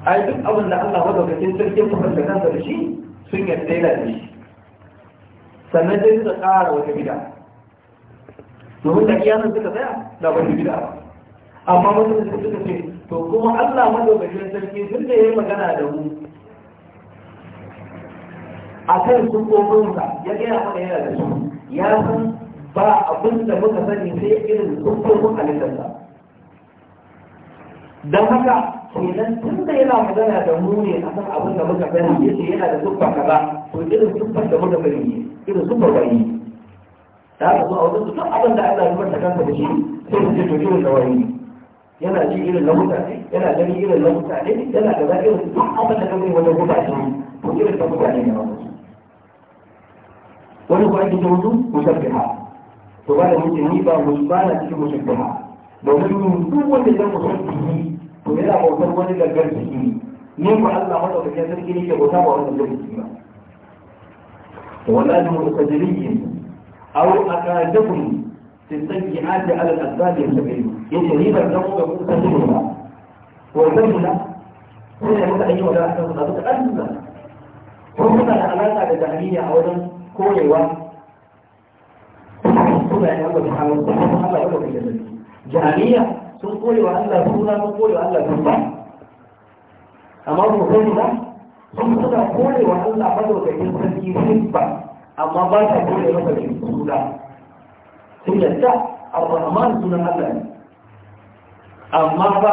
ai duk abin da Allah madaukakin sarki ya kuma kansa da shi sun yarda yana da shi sannan dai suka ƙara wata gida. domin da iyanan suka tsaya da wata gida. amma mutum suka ce to kuma Allah madaukakin sarki sun da yi magana da mu a kan sukofinsa ya gaya mana yana da su ya san ba abin da muka sani sai irin sukofin halittarsa don haka kenan tun da yana magana da mu ne a kan abin da muka fara ya ce yana da tuffa kaza to irin tuffar da muka ne, irin tuffar wani da aka zo a wajen duk abin da Allah ya da kansa da shi sai da ce to irin da wani yana ji irin na mutane yana gani irin na mutane yana da za irin duk abin da kansa wajen mutane to irin da mutane ne wani wani yake ake mutu musabbiha to ba da mutane ni ba mu ba na cikin musabbiha domin duk wanda ya musabbihi to yana bautar wani gangar ان ne ni ku Allah madaukakin sarki ne ke أو أكادكم في السيئات على الأسباب يستقيم يتريب الدم ومتجرها العلاقة أولا sun koyi wa Allah suna sun koyi wa Allah suna amma ku mu sani ba sun suna koyi wa Allah madaukakin sarki ba amma ba ta koyi masa da suna sun yadda ar-rahman sunan Allah ne amma ba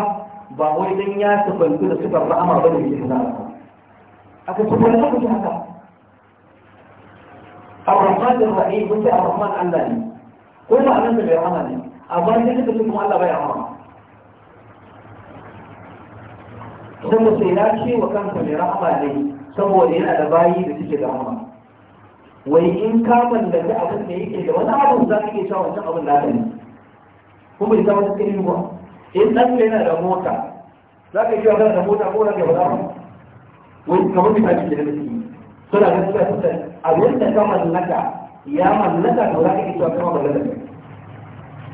ba wai dan ya tabantu da sifar rahama bane ke suna aka ce wani abu haka ar da ar-rahim kun ce ar Allah ne ko ba anan da bai rahama ne amma sai suka kuma Allah bai rahama sai mutum ya ce wa kansa mai rahama ne saboda yana da bayi da suke da rahama wai in ka mallaki abin da yake da wani abin za ka iya cewa wancan abin da ne kuma ita wata cikin ba in ɗan yana da mota za ka iya cewa da mota ko na gaba da wani kamar misali da nake suna ga suka fita abin da ka mallaka ya mallaka da za ka iya cewa kama mallaka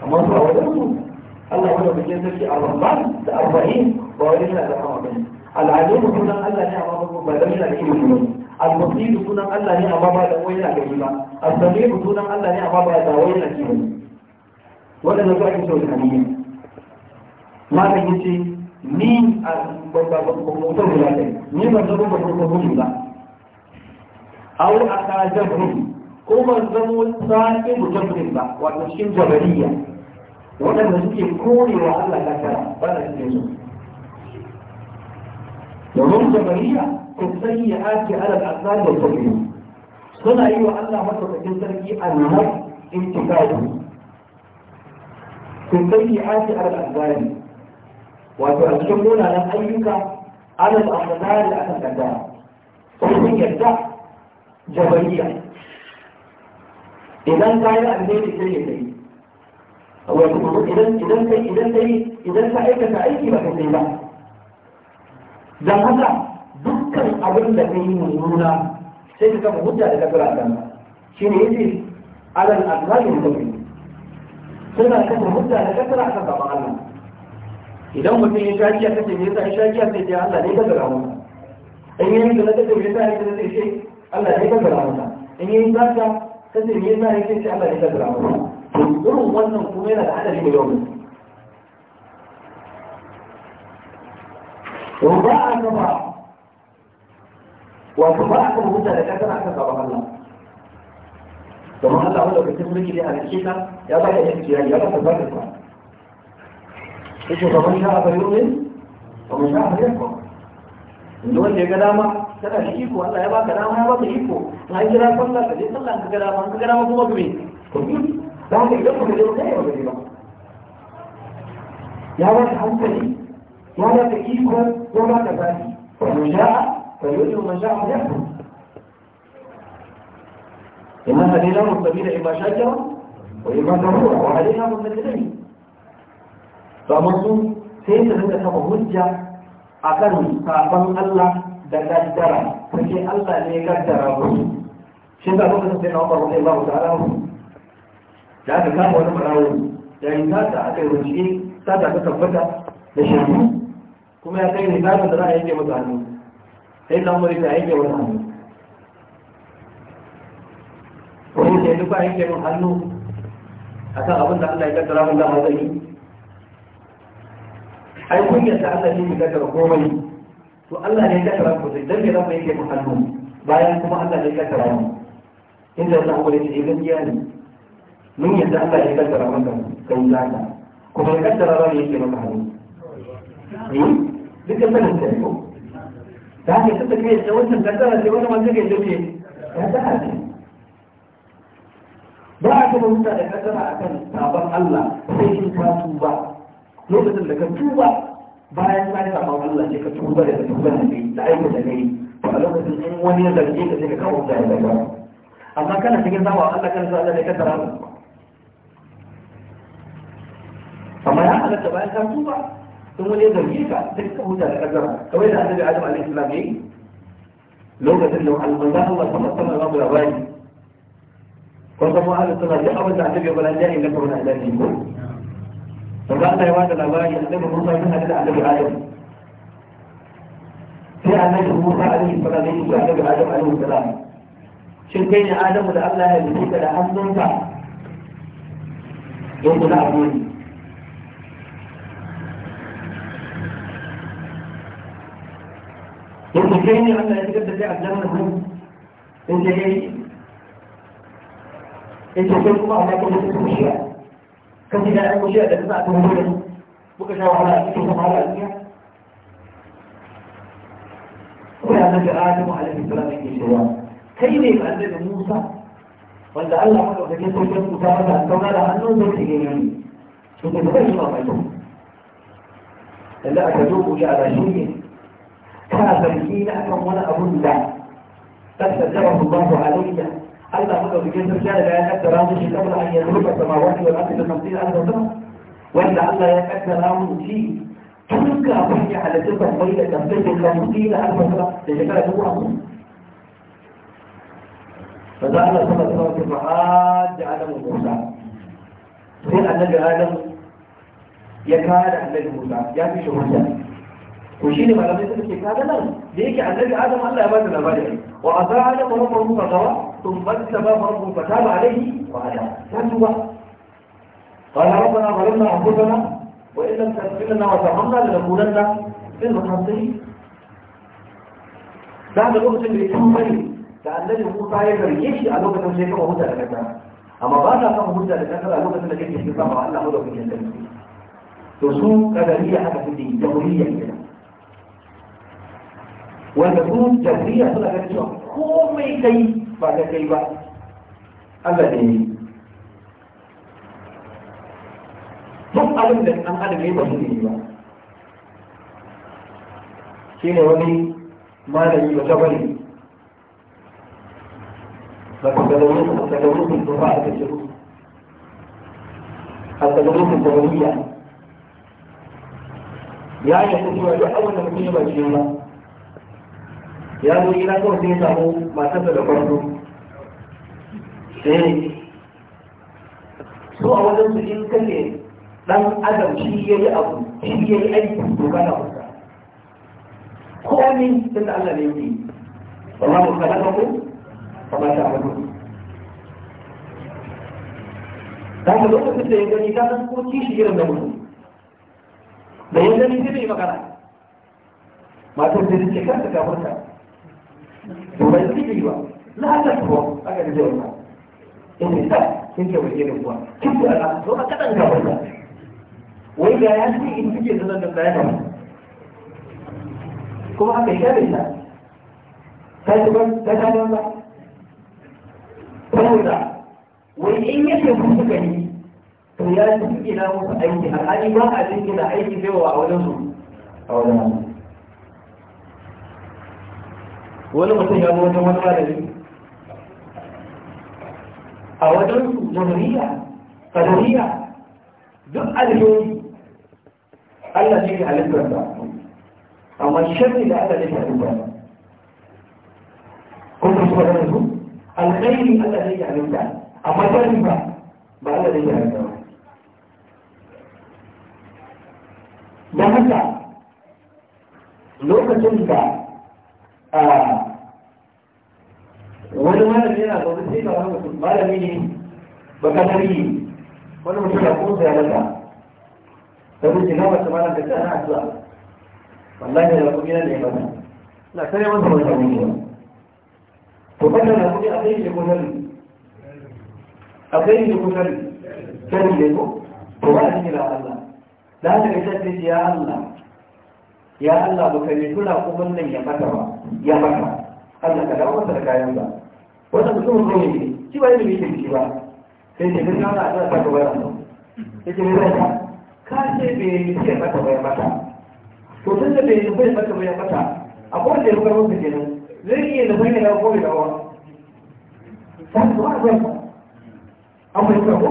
amma su a wajen su Allah wani bikin sarki a Ramadan da arba'in ba wani yana da Al'adun ba sunan Allah ne amma ba da yana da ilimi ba al-basir sunan Allah ne amma ba da wai na gani ba as-samir sunan Allah ne amma ba da wai yana ji ba wannan zuwa kin sauka ne malam yace ni a babba babba mutum da ne ni ban zama babba babba ba aw aka jabru ko ban zama sa'in mutum ba wato cikin jabariya waɗanda suke wa Allah takara ba da cikin su ومن جمالية كتسيي آكي على الأطلال والتبين صنع أيها الله مصر تجزلك النار انتفاده كتسيي آكي على الأطلال وتعجبون على أيك على الأطلال على الأطلال ومن يدع جمالية إذا انت على أبنين السيدي هو يقول إذا انت إذا انت إذا انت إذا انت إذا انت إذا انت إذا انت don haka dukkan abin da kai nuna sai ka kama hujja da kafira dan shi ne yace alal kai kafir ka kama hujja da kafira kan gaban Allah idan mutum ya shaki ya kace me yasa ya shakiya sai ya Allah ne ka gara mu in yayin da kace me yasa ya kace sai Allah ne ka gara mu in yayin da kace me yasa ya kace Allah ne ka gara mu to irin wannan kuma yana da hadari mai yau ruba an ba wato ba a kan hujja da kasar aka saba Allah domin Allah wanda kake mulki da alƙi ka ya ba ka yanki ya ba ka zaka ka kace kamar sha a yumin kamar sha a yakko inda wanda ya ga dama kana da iko Allah ya baka dama ya baka iko na kira sallah ka je sallah ka ga dama ka ga dama kuma gobe to ni da haka idan ka je ka yi kai ba ya ba ka hankali ya ba ka iko ko ba ka zaɓi wani sha'a ka yi wani sha'a ya ku inna hadina mun sabi da ima shakira wa ima kafura wa hadina mun sabi da ni to amma su sai ta rinka kafa hujja akan sabon Allah da kaddara Kake Allah ne ya kaddara musu shi da lokacin sai na Umar radiyallahu ta'ala da aka kama wani marawo yayin ta aka yi rubuce ta da tabbata da shirku kuma ya kai ne da za a yanke masa hannu sai da umar ta yanke masa hannu Wani ke duka yanke masa hannu a kan abin da Allah ya kaddara mun da hazari ai kun da Allah ne ya kaddara komai to Allah ne ya kaddara ku sai dan me zan yanke masa hannu bayan kuma Allah ne ya kaddara mu inda ta umar ta yi eh, gaskiya ne mun yadda Allah ya kaddara maka kai zaka kuma ya kaddara ran yake maka hannu eh? duk da sanin da ko da haka duk da kai da wannan kaddara ce wannan wanda ke dace ya ta ce ba a kuma mutu da kaddara akan sabon Allah sai in ka tuba lokacin da ka tuba bayan ka yi sabon Allah sai ka tuba da tuba da kai da aiki da kai to a lokacin in wani ya zarge ka sai ka kawo da ya amma kana cikin sabon Allah kana sabon Allah da kaddara amma ya halatta bayan ka tuba ثم يذهب يفعل تلك هدى الأجر فإذا النبي عدم الإسلامي إيه؟ لو قتلوا من الله الله صلى الله عليه وسلم الرجل فصموا أهل الصلاة يحاول تعتبي ولا جاء إن نفرنا إلى الجنون فقال يواد الأبائي النبي موسى منها إلى أهل بعدم في أنه موسى عليه الصلاة والسلام أهل بعدم عليه السلام شركين آدم ولا أبلها يجب أن أحسن فعل يوم الثاني حتى يتجدد لي أبدان أبدان أنت جاي أنت جاي الله لكن أنت مشياء كنت جاء المشياء ده تبعت مجرد بكشاء وعلى أكتشاء وعلى أكتشاء وعلى أكتشاء وعلى أكتشاء وعلى أكتشاء وعلى أكتشاء كيف يفعل ذلك موسى وانت قال له حقا كنت جاي مجرد أنت مالا أنه ذلك جاي شو تبقى شو ما فعلتم لا تجوب جعل شيء كافرين أكرم ولا أقول لا فاستجابه الله علي ألا مدر بجنس كان لا يقدر أمشي قبل أن يخلق السماوات والأرض في المنزل ألف سنة وإلا ألا يقدر أمشي تلك أبني على تلك الطريقة تفلت الخمسين ألف سنة لشكل أبوه فدعنا صلى الله عليه وسلم حاج آدم موسى سيد النبي آدم يكاد النبي موسى يا في شهودان to shine malamai suka ce kaga nan da yake annabi adam Allah ya bada labari wa asa adam rabbuhu fa tawa thumma taba rabbuhu fa taba alayhi wa ada ta tuba qala rabbana zalamna anfusana wa in lam taghfir lana wa tarhamna lanakunanna min al-khasirin da da lokacin da ya tuba ne da annabi Musa ya garge shi a lokacin sai kama hujja da kanta amma ba ta kama hujja da kanta a lokacin da kake shi sama Allah mu da kuke da to su kadariya haka suke jahiliya kenan ويكون جهرية في الأجهزة كل شيء بعد كيبة الذي ثم علمنا أن هذا الشيء بسيطي إيمان شيني ولي ما لي وجبري التدرس التدرس الضفاعة الشروط التدرس الضرورية يعني يستطيع أن يحول من كل ما يجيبه ya zo na kawai sai samu matarsa da kwarto sai so a wajen su in kalle dan adam shi ya yi abu shi ya yi aiki to kana kusa komai da Allah ne yake ba ma mu ka ko ba ma ta abu dan da lokacin da ya gani ta san ko kishi irin da mutum da ya gani sai bai magana matar da take kanta kafurta ban ciki ba na ta kuwa aka da zai ba in ji kin ce wani irin kuwa kin ce ala zo a kaɗan ga wannan wai ga ya ce in kike zanen da tsaya ba kuma haka ya shafe ta ta ci ban ta ta ban ba saboda wai in yake ce kun suka yi to ya ci gina musu aiki alhali ba a jingina aiki zai wa a wajen su a wajen wani mutum ya zo wajen wani malami a wajen su jamhuriya kaduriya duk alheri Allah shi ne halittarsa amma shirri da Allah ne halittarsa kun fi suwa da su alkhairi Allah ne halitta amma shirri ba ba Allah ne halitta ba don haka lokacin da Um, wani malami yana zaune sai ga wani mutum malami ne ba kamar yi wani mutum na kuma ya lalla da mutum na wata malam da tsara addu'a wallahi da kuma yana da ya mata na kare masa wata mutum to kada na kuma akwai shi kuma akwai shi kuma sani ne ko to ba a cikin Allah da haka ya ce ya Allah ya Allah baka ne tuna kuma nan ya mata ba ya mata Allah ka dawo masa da kayan ba wannan mutum ne ne shi ba ne mai shi ba sai ne kan Allah ya ta gaba da yake ne ba ka ce me yake mata ba ya mata to tun da bai bai mata ba ya mata akwai wanda ya karbo ke nan zai iya da bai da gobe da wa sai ba ba amma ko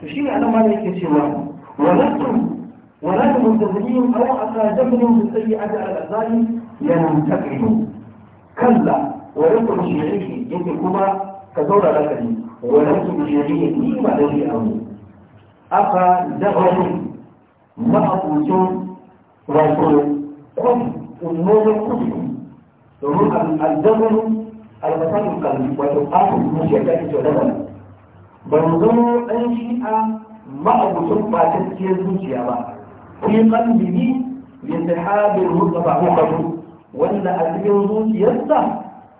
to shi ne annabi yake cewa wa lakum ولا المنتظرين أو أخاذهم بالسيئة على الأعزاء ينتقل كلا ويقول شيعيه يمكن كما كدور لك ولكن شيعيه فيما الذي أمر أخا زغر ما أبوتون رسول قف أمور قف روح الزغر الوسط القلب وتقاس المشيكات جدلا بنظر أنشئ ما أبوتون ما تسكير المشيكات fi qalbihi min sahabil mutafaqatu wanda a cikin zuciyarsa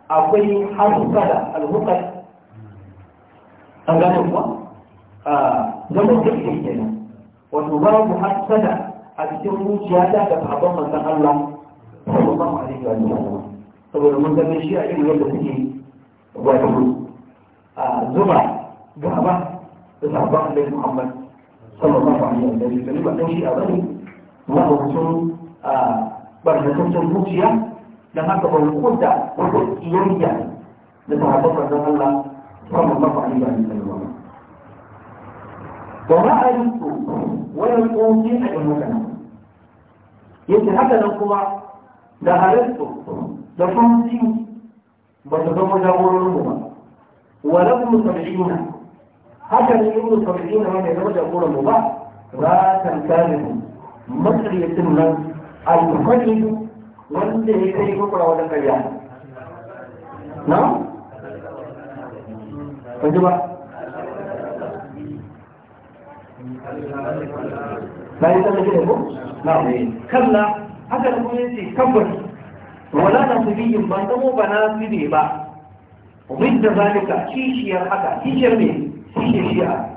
akwai hasada al-huqad an gane kuwa a zaman da ke kenan wato babu hasada a cikin zuciyata da baban manzon Allah sallallahu alaihi wa sallam saboda mun gane shi a irin yadda suke wato a zuba gaba da sabon Annabi Muhammad sallallahu alaihi wa sallam gari ba dan shi a bane mahaukacin barnataccen zuciya don haka ba hukunta wata kiyayya da sahabban manzon Allah sallallahu alaihi wa sallam wa ra'aytu wa yanquti ajmatan yace haka nan kuma da halattu da fanci ba ta zama jagororin ba wa lakum sab'ina haka ne ibnu sabiin ma bai zama jagoran mu ba ratan kalibu matsariyacin nan alfani wanda ya kai kokura wajen karya na? Kaji ba? bayan ta nake da ko na kalla haka da kuma yace kabbas wala na sabiyin ba zamo ba na sibe ba min da zalika kishiyar haka kishiyar ne shi ne shi'a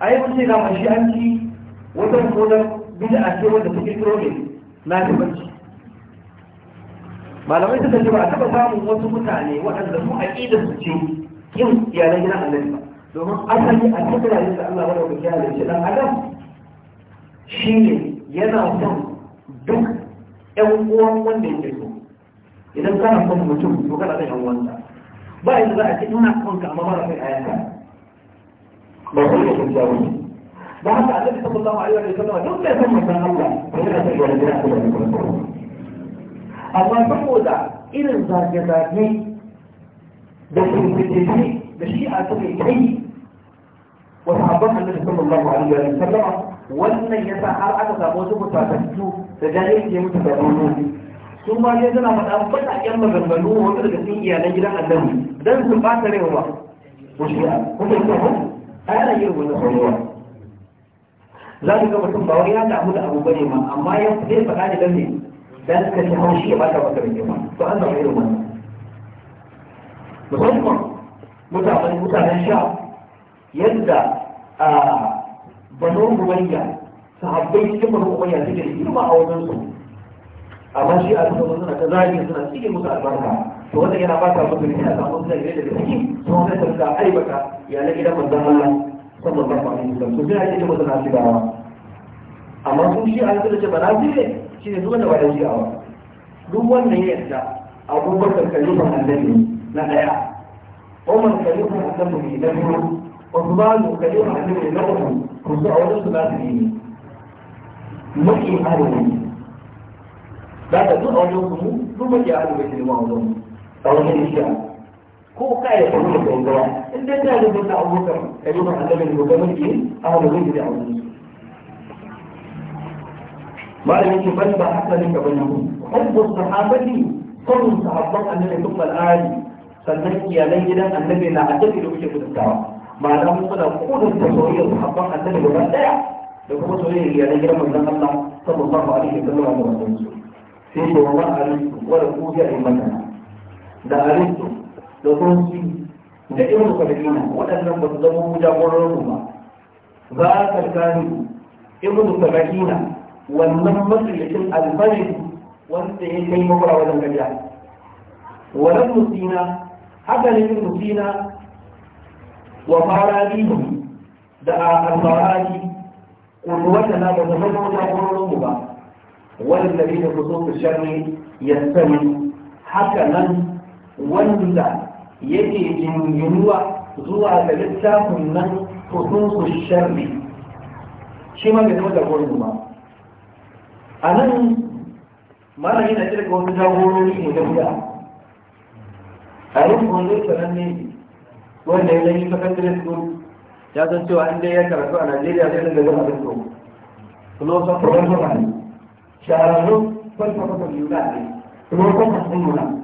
a yi kusa ga mashi an ci wata kodar bida a cewa da ta kirkiro na tabanci malamai suka ce ba a taba samun wasu mutane waɗanda su aƙidar su ce yin iyalan gina annabi ba domin asali a cikin rayuwar da Allah wanda kuke halarci dan adam shi yana son duk ƴan uwan wanda yake so idan kana son mutum to kana da ƴan uwansa ba yadda za a ce ina kanka amma mara kai a yanka ba ku da shirya wani da haka a sallallahu alaihi wa sallam duk da san mutan Allah ko da sai wani da ku amma saboda irin zage-zage da shirye-shirye da shi a cikin kai wasu abban annabi sallallahu alaihi wa sallam wannan yasa har aka samu wasu mutatattu da jahilci ke mutu da nono su ma ne suna faɗa baƙaƙen maganganu wanda daga cikin iyalan gidan annabi dan su ɓata rai ba ko shi ko ko ana yin wani tsoro za su ga mutum ba wai ya damu da abu bane ma amma ya zai faɗa da dan ne dan ka ci haushi ya bata maka rike ma to an zama irin wannan musamman mutanen mutanen sha yadda a banu ruwayya sahabbai cikin banu ruwayya suke girma a wajen su amma shi a cikin suna ta zagi suna cikin musu albarka to wannan yana baka mutu ne a samu da ne daga ciki to wannan ta da aibata na gidan manzon Allah sallallahu alaihi wasallam to sai ake ce musu nasibawa amma sun shi an tsira ce ba nasibe shine da wanda ba da shi'awa duk wanda ya yarda abubakar kalifan annabi na daya umar kalifan annabi na biyu usmanu kalifan annabi na uku ku su a wajen su nasibi ne mafi ahalin ne za ka duk a wajen su mu duk wajen أو الإشاء هو كاية تقول لك إنه إنه كان يقول أبو بكر أيضا علم المتمكن أهل الغيب لأبو ما لم يكن بل حتى لك بينهم حب الصحابة كل صحابة النبي ثم الآن sannan iyalai gidan annabi na annabi da kuke kudantawa ma'ana mun suna kudin da soyayyar sahabban annabi gaba daya da kuma soyayyar iyalai gidan manzon Allah sallallahu alaihi wa sallam da sai ko wa ali wa da ku ya imanta da aristo da kunsi da irin kalmina waɗannan ba su zama jagororin ba za a karkani ibn kalmina wannan matsalacin alfarin wanda ya kai mabura wajen gajiya wannan musina haka ne musina wa farari da alfarari قدوتنا وتفضل تقولون مبا والذين فسوق الشر يستمن حكما wanda yake jinginuwa zuwa ga littafin nan su sharri shi ma bai zama jagorin ma a nan mara yana ga wasu jagorori ne da guda a yi kwanzo sanan ne wanda ya yi secondary su ya san cewa inda ya karatu a najeriya zai da zama da su filosofa professor ne shahararru falsafa yuna ne kuma kuma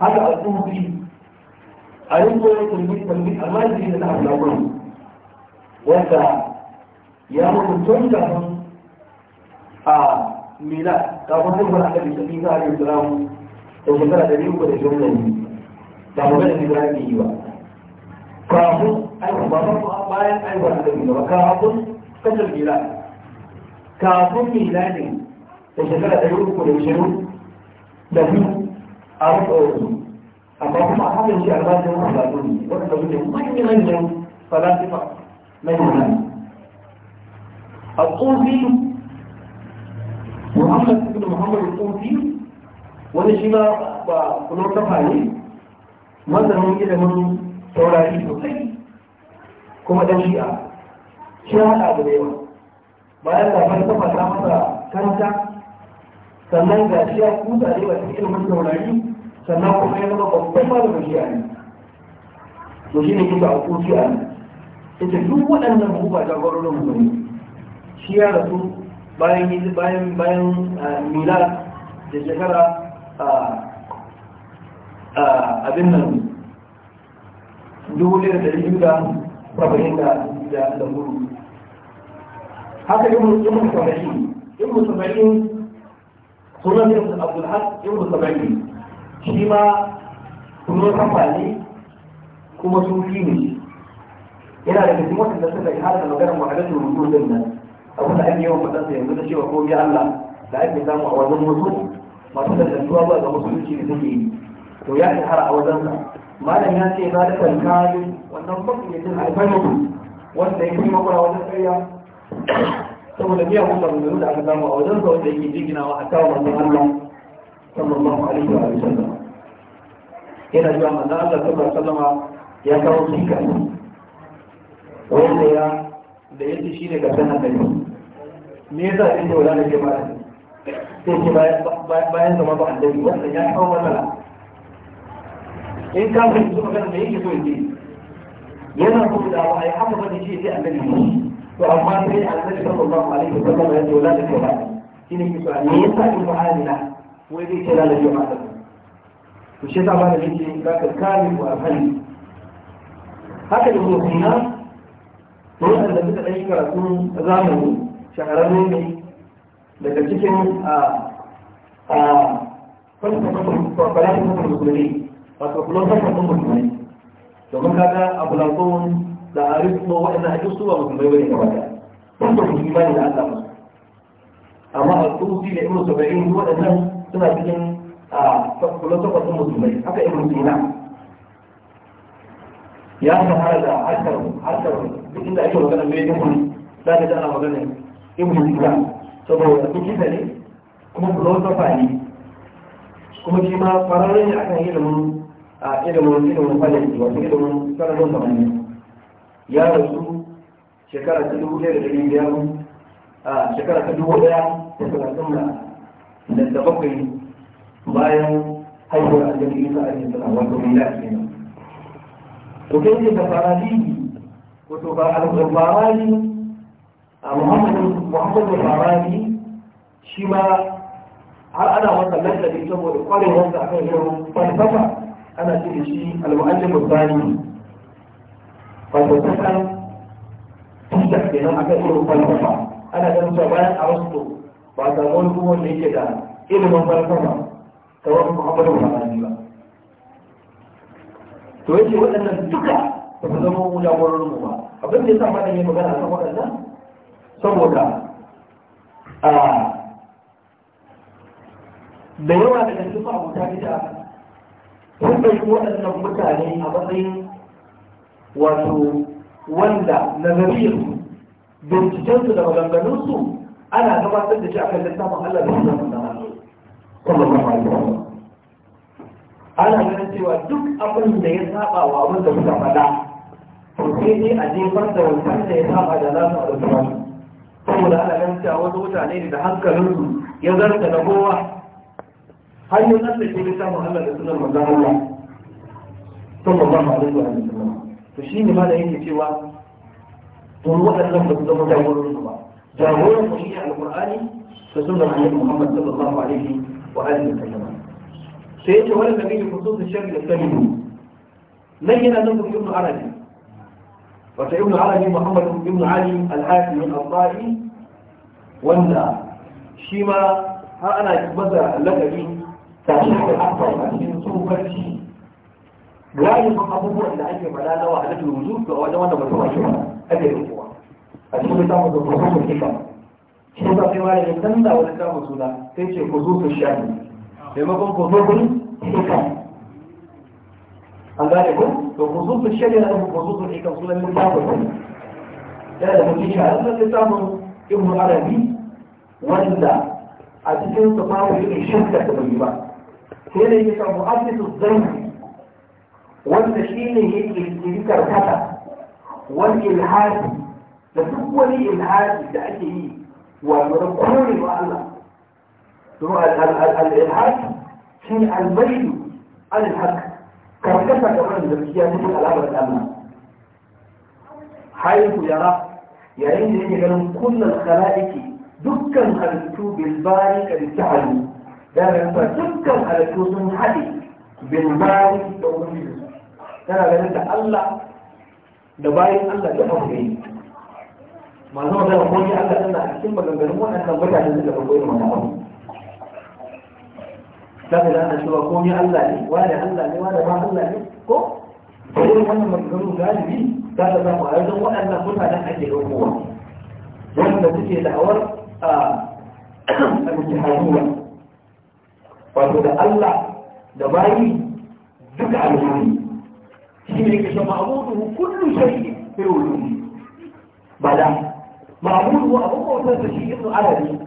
haka al'ummi a yi koyar kalmi kalmi amma da yi da na al'amuru wanda ya mutu tun kafin a mila kafin haihuwar annabi sun isa alaihi salamu da shekara ɗari uku da shirin da biyu ba mu gani hijira ke yi ba kafin aiwa ba ba bayan aiwa annabi ba kafin kasar mila kafin mila ne da shekara ɗari uku da shirin da biyu a rufe wasu amma kuma a hakan shi albashin wasu ne wanda suke manyan manyan falasifa na yunani a tsofi muhammad ibn muhammad tsofi wani shi ma ba kulon kafa ne mazanin ilimin saurari sosai kuma ɗan shi'a shi haɗa abu da yawa bayan da falsafa ta masa kanta sannan ga shi ya kusa ne masu ilimin taurari sannan kuma ya zama babban malamin shi a ne to shi ne kusa a kusa a ne ita duk waɗannan buba jagororin mu ne shi ya rasu bayan bayan bayan ah, mila da shekara ah, ah, abin nan dubu ɗaya da ɗari da saba'in da da hudu haka ibn ibn yi ibn saba'in sunan ibn abdulhaq ibn sabani shi ma sunan kafa ne kuma sufi ne yana da cikin waɗanda suka yi hada maganar ma'adatu rubu din nan abin da ake yawan faɗansa yanzu da cewa ko ya Allah da ake samu a wajen wasu masu dangantuwa ba ga musulunci da suke yi to ya shahara a wajensa malam ya ce na da kalkalin wannan bakin ya ce haifar mutu wanda ya fi makura wajen tsariya saboda biya musa rubutu da aka samu a wajen sa wanda yake jiginawa a kawo manzon Allah sallallahu alaihi wa sallam yana cewa manzon Allah sallallahu alaihi wa sallama ya kawo sika wanda ya da yace shine ga sanan da me yasa yake wala da ke ba sai ke bayan zama ba annabi wannan ya kawo matsala in ka fahimci magana da yake so yake yana so da ba ai haka bane shi sai annabi to amma sai annabi sallallahu alaihi wasallam ya ce wala da kyau shine ki so ne yasa in mu'amala wai zai ce lalace ma da to shi ta bada yake ka kare wa alhali haka da mutina wannan da suka dai karatu zamani shahararre ne daga cikin a a falsafar musulmi wato filosofar musulmi domin kaga abu da harin kuma waɗanda ake suwa ba musulmai wani gaba da wanda su yi bani da Allah musu amma al-qurusi da ibnu sab'in waɗannan suna cikin a filosofar sun musulmai haka ibnu sina ya shahara da harkar harkar duk inda ake magana mai ibnu za ka ji ana magana ibnu sina saboda duk kisa ne kuma ta ne kuma shi ma kwararre ne akan ilimin ilimin ilimin falenci ta ilimin sararin samaniya ya rasu shekara ta dubu ɗaya da ɗari biyar a shekara ta dubu ɗaya da talatin da da bakwai bayan haihuwar annabi isa alaihi salam wato milad kenan to kai ce ko wato ba al-qur'ani a muhammadu muhammadu farani shi ma har ana masa ladabi saboda kwarewarsa akan irin falsafa ana ce shi al-mu'allim al-bani falsafa tushen kenan a kan irin ba, ana ganin cewa bayan a wasu ba a samu wani kuma wanda yake da ilimin falsafa kamar muhammadu buhari ba to yake waɗannan duka ba su zama mu jagororin mu ba abin da ya sa malam ya magana kan waɗannan saboda a da yawa daga cikin abota gida sun ɗauki waɗannan mutane a matsayin wato wanda nazariyarsu bincikensu da maganganunsu ana gabatar da shi a da littafin Allah da Kuma sana sallallahu alaihi wasallam ana ganin cewa duk abin da ya saba wa abin da suka faɗa to sai dai a jefar da wancan da ya saba da za su a ɗauki saboda ana ganin cewa wasu mutane ne da hankalinsu ya zarta da kowa har yi tsallake littafin Allah da sunan da Allah sallallahu alaihi wasallam to shi ne malam yake cewa to waɗannan ba su zama jagoran su ba jagoran su shi alqur'ani da sunnar annabi Muhammad sallallahu alaihi wa alihi wa sallam sai yace wala nabi khusus shar da kalimu nan yana nan ibn arabi wato ibn arabi Muhammad ibn Ali al-Hakim al-Qadi wanda shi ma har ana masa lakabi tashi da akbar a cikin tsohon galibin abubuwan da ake faɗa na wahalatul wujud to wajen wanda mutum ake ba ake rubuwa a cikin samun da kuma kuma kika shi ne sai ma da canza wani samun suna sai ce ku zo su shafi maimakon ku zo kun kika an gane ku to ku zo su shafi na ku zo su kika sunan littafin ku yana da mutum shi a cikin samun ibnu arabi wanda a cikin su fara yin shakka da bai ba sai da yake samu asisu zai wanda shi ne ya kirkiri karkata wani ilhadi da duk wani ilhadi da ake yi wa mana kore wa Allah to al-ilhadi shi ne al-maidu al-haq karkata ga wannan gaskiya cikin alamar Allah haihu yara yayin da yake ganin kullal khalaiqi dukkan halittu bil bari ka ta'alu da ran dukkan halittu sun hade bil bari da ubangiji tana ganin da Allah da bayan Allah da kuma yi masu magana ko ni Allah tana a cikin maganganun waɗannan mutane da ga koyi mana abu zaka da ana cewa ko ni Allah ne wani Allah ne wani ba Allah ne ko ko irin wannan maganganun galibi za ka samu a wajen waɗannan mutanen ake ɗaukowa wanda suke da'awar a al wato da Allah da bayi duka alheri معبوده كل شيء في الوجود بلا معبوده أبوه وثلاثة شيء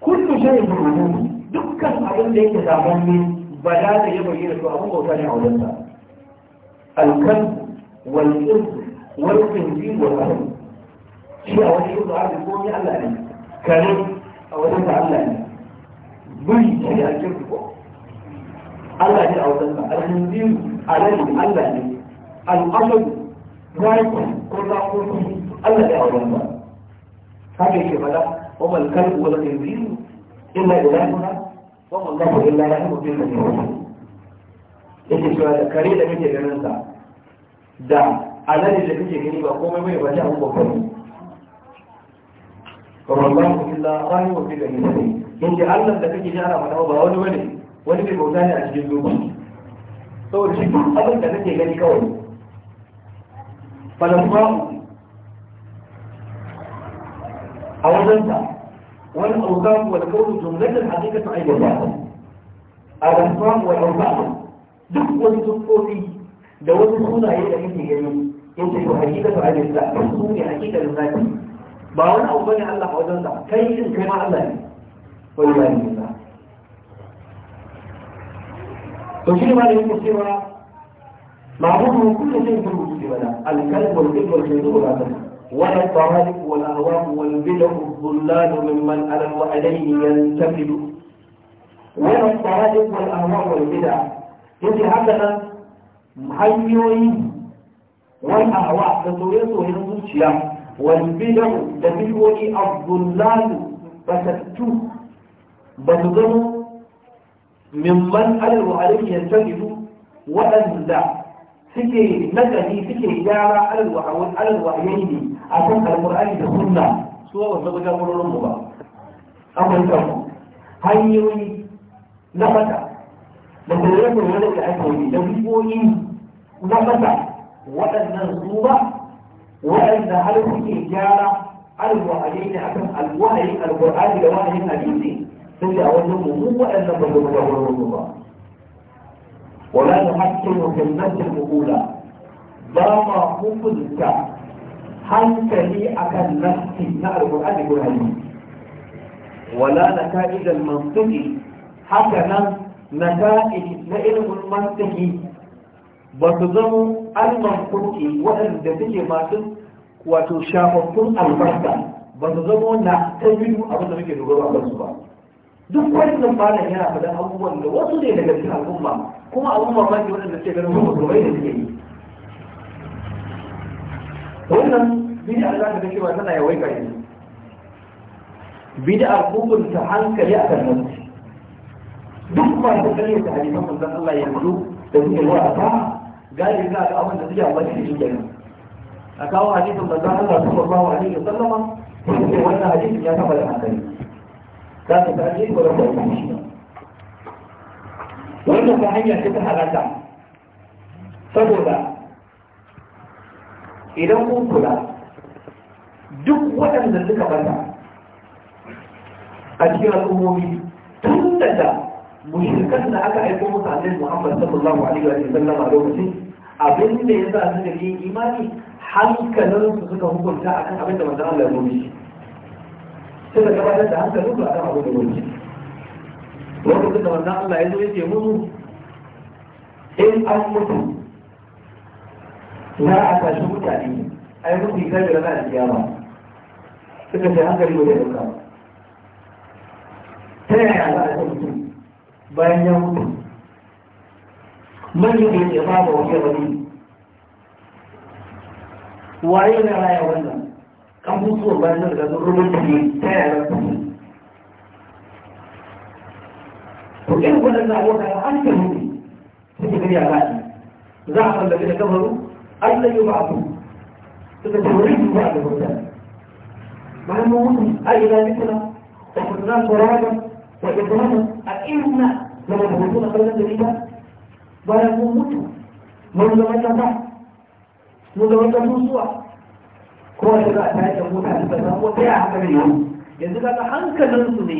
كل شيء في الوجود دكا أقول لك تعمل بلا يبين لك أبوه وثاني يعني عولتها الكلب والإذن والخنزير والأهل شيء أولي يقول عبد الكون يألا أنا كلب شيء تعالى أنا بي شيء أجبكم الله يعني. يألا يعني أولي الخنزير alali Allah ne al'amadu zaki ko zakoki Allah ne a wajen ba haka yake fada wa mal kalbu wal khinziru illa ilahuna wa man lahu illa lahu bil khinziru yake cewa da kare da kake ganin sa da alali da kake gani ba komai bai ba ta abubuwa ne والله إلا راهي وفي الأمين إن الله لك جعل من هو بأول ولي ولي بوتاني أجل ذوبه saboda shi duk abin da nake gani kawai kuma a ta wani aukan wani kawo jumlatin hakikatan aibata a kuma wa aukan duk wani tsofi da suna sunaye da muke gani hakika ta hakikatan aibata su ne da zaki ba wani abu bane Allah a ta kai shin kai ma Allah ne wallahi ba وشنو هذه المسلمة معروف كل شيء في الوجود المسلمة الكلب والكلب والكلب والكلب ولا الطوارئ والاهوام والبدع الضلال ممن على وعليه ينتقد ولا الطوارئ والاهوام والبدع يجي هكذا محيوي والأهواء تسويته ينزوشيا والبدع تبدوي الضلال فتكتو بدو من من قالوا عليه ينتجب وأنزع فكر مدني فكر جارة على الوحول على الوحيين عشان القرآن يدخلنا سواء وصدقاء مرور المضاء أما الكرم هايوي نفتا لكن يقول ولك أكوي يقول نفتا وأن نصوبة وأن هل فكر جارة على الوحيين عشان الوحي القرآن لوحيين أليسين تجي أقول لهم هو أنك تقول الله ولا نحكم في النفس الأولى بما قلت hankali akan nafsi na alƙur'ani ko hadisi wala naka'id al-mantiqi haka nan naka'id na ilmin mantiqi ba su zama al-mantiqi waɗanda suke masu wato shafaffun albarka ba su zama na ta biyu abin da muke dogaro a kansu ba duk wannan malam yana faɗin abubuwan da wasu ne daga cikin al'umma kuma abun mamaki waɗanda suke ganin bai da suke yi wannan bid'a za ka cewa tana yawai kare bid'a ta hankali a kan nan duk ba ta kare ta hadisan manzon Allah yanzu da suke zuwa ta gari za ga abin da suke amfani da shi kenan a kawo hadisin manzon Allah sallallahu alaihi wasallama sai wannan hadisin ya saba da hankali za ka ta je ko da kuma shi wannan ta hanya ce ta halaka saboda idan kun kula duk waɗanda suka bata a cikin al'ummomi tun daga mushrikan da aka aiko musu annabi Muhammad sallallahu alaihi wa sallam a lokacin abin da ya sa su da yin imani hankalin su suka hukunta akan abin da manzon Allah ya zo mishi suka gabatar da hankalin su a kan abin da wani lokacin da wannan Allah ya zo ya ce musu in an mutu za a tashi mutane a yi mutu kai da ranar kiyama suka ce hankali ba zai dauka ba ta yaya za a ta mutu bayan ya mutu manyan da ya ba wa wani waye na raya wannan abubuwan ba na da sun rubuta ne ta yara kuma to irin waɗannan abubuwa an ta mutu suke gari a rashi za a fallafi da kamaru an layo ba abu suka ce wani duba a gaban ta bayan mun mutu a yi rami kuna da kuma tsoron wa ibrahim a irin na zama da mutu na kallon gari ba bayan mun mutu mun zama ta ba mun zama ta mutuwa ko da za a tashi mota da san wata ya haka ne yau yanzu kaga hankalinsu ne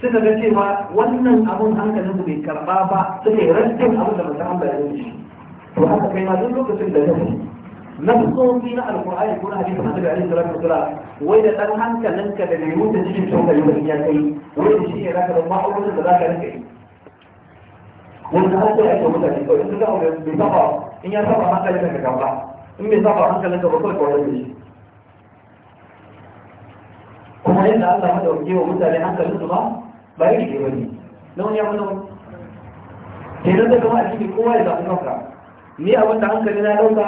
suka ga cewa wannan abun hankalinsu bai karba ba suka yi rashin abin da mutum an bayani shi to haka kai ma duk lokacin da yau nasosi na alkur'ani ko na hadisi na daga alaihi salatu wasalam wai da dan hankalinka da bai wuce cikin tokali ba ya kai wai da shi ne zaka da ma'aunin da zaka rinka yi wanda har sai ake mutane kawai in ka ga bai saba in ya saba hankalinka ka gaba in bai saba hankalin ka bakwai kawai kawai da shi kuma yadda Allah ya dauke wa mutane hankalin su ba ba yake ke bane na wani yawon na Ke nan da kuma a cikin kowa ya zafi kanka ni abin da hankali na dauka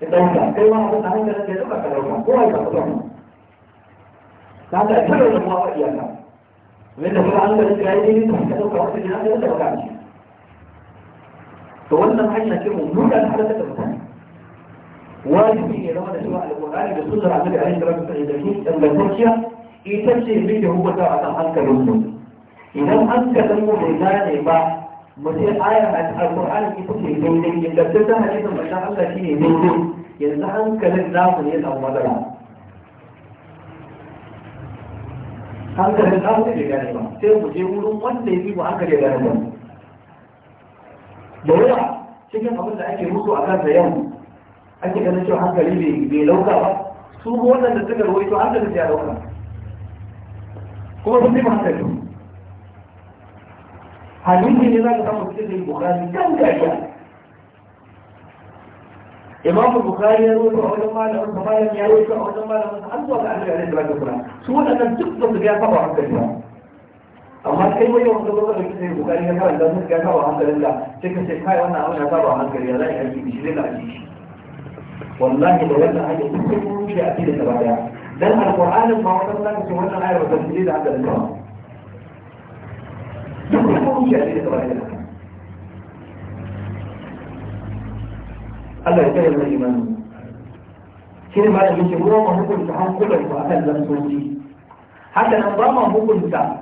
ya dauka kai ma abin da hankali ka dauka ka dauka kowa ya zafi kanka ta haka ya tara da kuma wa wani da kuma hankalin ka yi ne ka dauka wasu ne hankali da dauka to wannan hanya ce mummunan halatta da mutane wajibi ne zama da cewa alƙur'ani da sunnar annabi alaihi salatu wasallam da ingantacciya ita ce mai da hukunta a kan hankalin mu idan hankalin mu bai gane ba mu sai aya alƙur'ani ita ce daidai ingantaccen hadisin manzon Allah shine daidai yanzu hankalin namu ne ya samu matsala hankalin namu ne bai gane ba sai mu je wurin wanda ya fi mu hankali ya gane ba da yawa cikin abin da ake musu a kansa yau ake ganin cewa hankali bai lauka ba su waɗanda suka rawaito hankali ya lauka kuma sun fi hankali hadisi ne za ka samu cikin da bukari kan gariya imamu bukari ya rawaito a wajen malamin sa malam ya rawaito a wajen malamin sa an zuwa ga annabi alaihi salatu wasallam su waɗannan duk ba su ga saba hankali ba amma kai wani wanda ba ka sai bukari ya karanta sun ga saba hankalin da sai ka ce kai wannan abin ya saba hankali ya za a yi aiki shi ne ka aiki shi والله لو انا عايز ممكن مش اكيد تبعها ده القران هو المعظم لك سبحان آية الله ايوه بس ليه عند الله الله يتكلم الإيمان كلمة اللي يجبوه ما هو كل سحان كل المؤثن لم تنجي حتى نظام ما هو كل سحان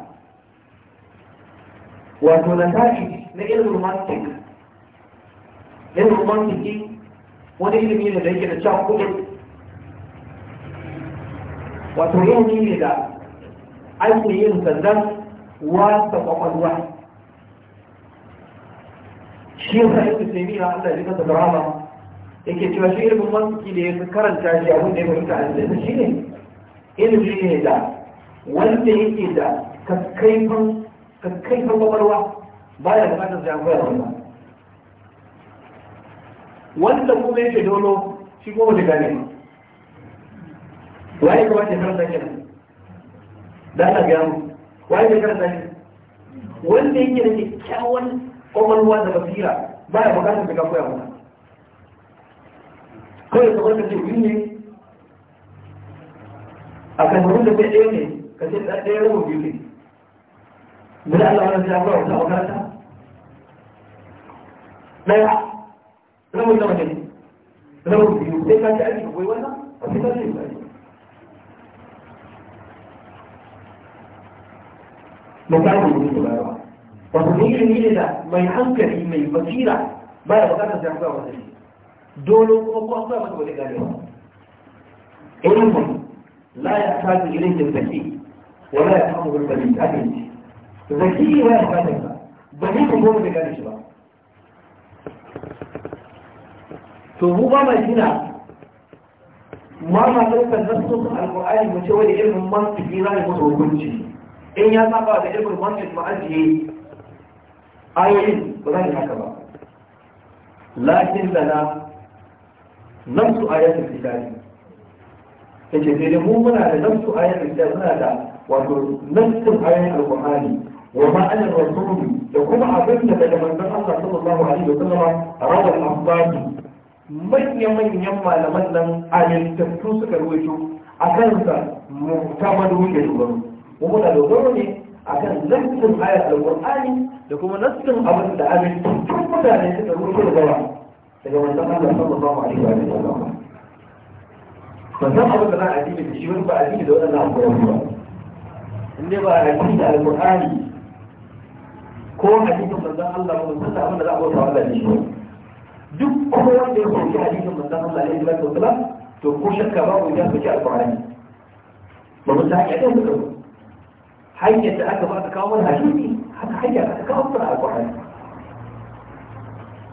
وتنتاجي لإيه الرومانتك لإيه الرومانتك wani ilimi ne da yake da can kudu wato ilimi ne da ake yin sandan wasa kwakwalwa shi yasa sai taymiya Allah ya kasa drama yake cewa shi ilimin mantiki da ya karanta shi abin da ya fi a da shi ne ilimi ne da wanda yake da kakkaifan kakkaifan kwakwalwa baya bukatar jami'ar wannan wanda kuma yake dono shi kuma da gane ma waye kuma ke karanta kenan da ana gaya mu waye ke karanta shi wanda yake da kyakkyawan kwamalwa da basira ba ya bukatar da kafa koya mana kawai ka wanda ce ne a kan da bai ɗaya ne ka ce da ɗaya rubu biyu ne bin Allah wani sai ya koya wata makaranta ɗaya لو لو لو يمسك أجل ويولى وفي تجريب أجل mutane ne su bayarwa wato ne ilimi ne da mai hankali mai basira baya bukatar da kuwa wata shi dole kuma ko akwai mata wata ganewa ilimin la ya tafi ilin da zaki wa la ya tafi gurbani da ake ce zaki wa ya tafi ba ba ne kuma wata gane shi ba to mu ba madina ma ma ɗaukar nassosin alƙur'ani mu ce wani ilmin mantiki za mu musu hukunci in ya saba da ilmin mantiki mu ajiye ayoyin ba za mu haka ba lakin lana nafsu ayatul kitabi yace sai dai mu muna da nafsu ayatul kitabi muna da wato nafsin ayoyin alƙur'ani وما أنا الرسول يقوم عبدنا لمن الله صلى الله عليه وسلم روى الأخبار manya-manyan malaman nan amintattu suka ruwaito a kansa mutamar wuce dogaro kuma da dogaro ne a kan nassin ayar alƙur'ani da kuma nassin abin da tun mutane suka ruwaito da gaba daga wannan Allah sallallahu alaihi wa sallam sannan abin da na a addini da shi wani ba addini da waɗannan abubuwan ba in dai ba a addini da alƙur'ani ko hadisin manzon Allah ba san abin da za a bauta Allah da shi ba duk kuma wanda ya soki hadisin manzon Allah alaihi wa sallam to ko shakka ba ku ya soki alqur'ani ba mu sai yadda mu dauko hanyar da aka ba ka kawo mana hadisi haka hanyar ka kawo mana alqur'ani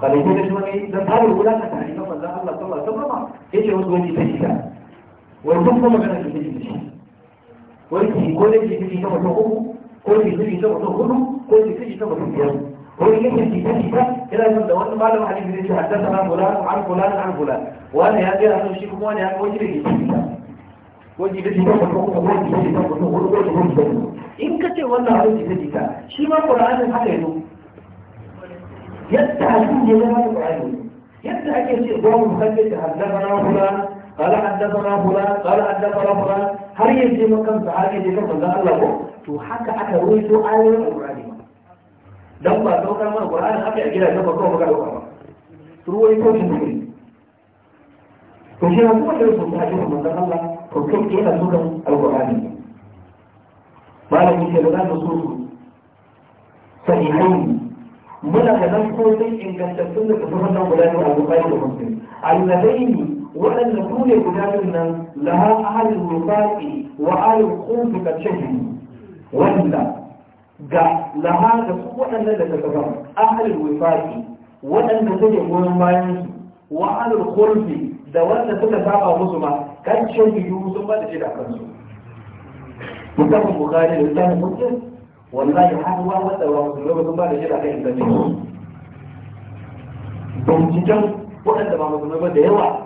kalai ne shi wani dan tabar guda ta da manzon Allah sallallahu alaihi wa yace wasu wani ta shi wai duk kuma magana ta shi wai shi ko ne shi ta mutum uku ko shi ta mutum ko shi ta mutum biyar ko in yake jita jita yana yin da wani malam hadisi zai ce haddasa na fulan an fulan an fulan wani ya gaya sun shi kuma wani ya kawo shi da jita jita ko jita jita ko ko ko jita ko ko ko jita in ka ce wannan jita shi haka yazo yadda abin ya yadda ake ce قال حدثنا فلان قال حدثنا فلان هل يجي مكان صحابي يجي مكان الله تو حكى حكى رويته آية القرآن dan ba daukar mana qur'ani haka a gidajen ba kuma muka dauka ba ruwai ko shi ne to shi kuma da su ta ji manzon Allah to kai ke da su kan alqur'ani malami ke da nan su su sahihain muna da nan ko sai ingantattun da kuma nan guda ne alqur'ani da muslim alladaini waɗanda su ne guda biyu nan laha ahalin rufa'i wa ahalin kofi ka cikin wanda ga lama da su waɗannan da daga gaban ahalin wifaki waɗanda suke goyon bayan su wa ahalin kurfi da wanda suka saba musu ma kan cin biyu sun ba da shi da kansu musamman bukari da musamman muslim wallahi har wa wanda ba musu ba sun ba da shi da kai da binciken waɗanda ba musu ba da yawa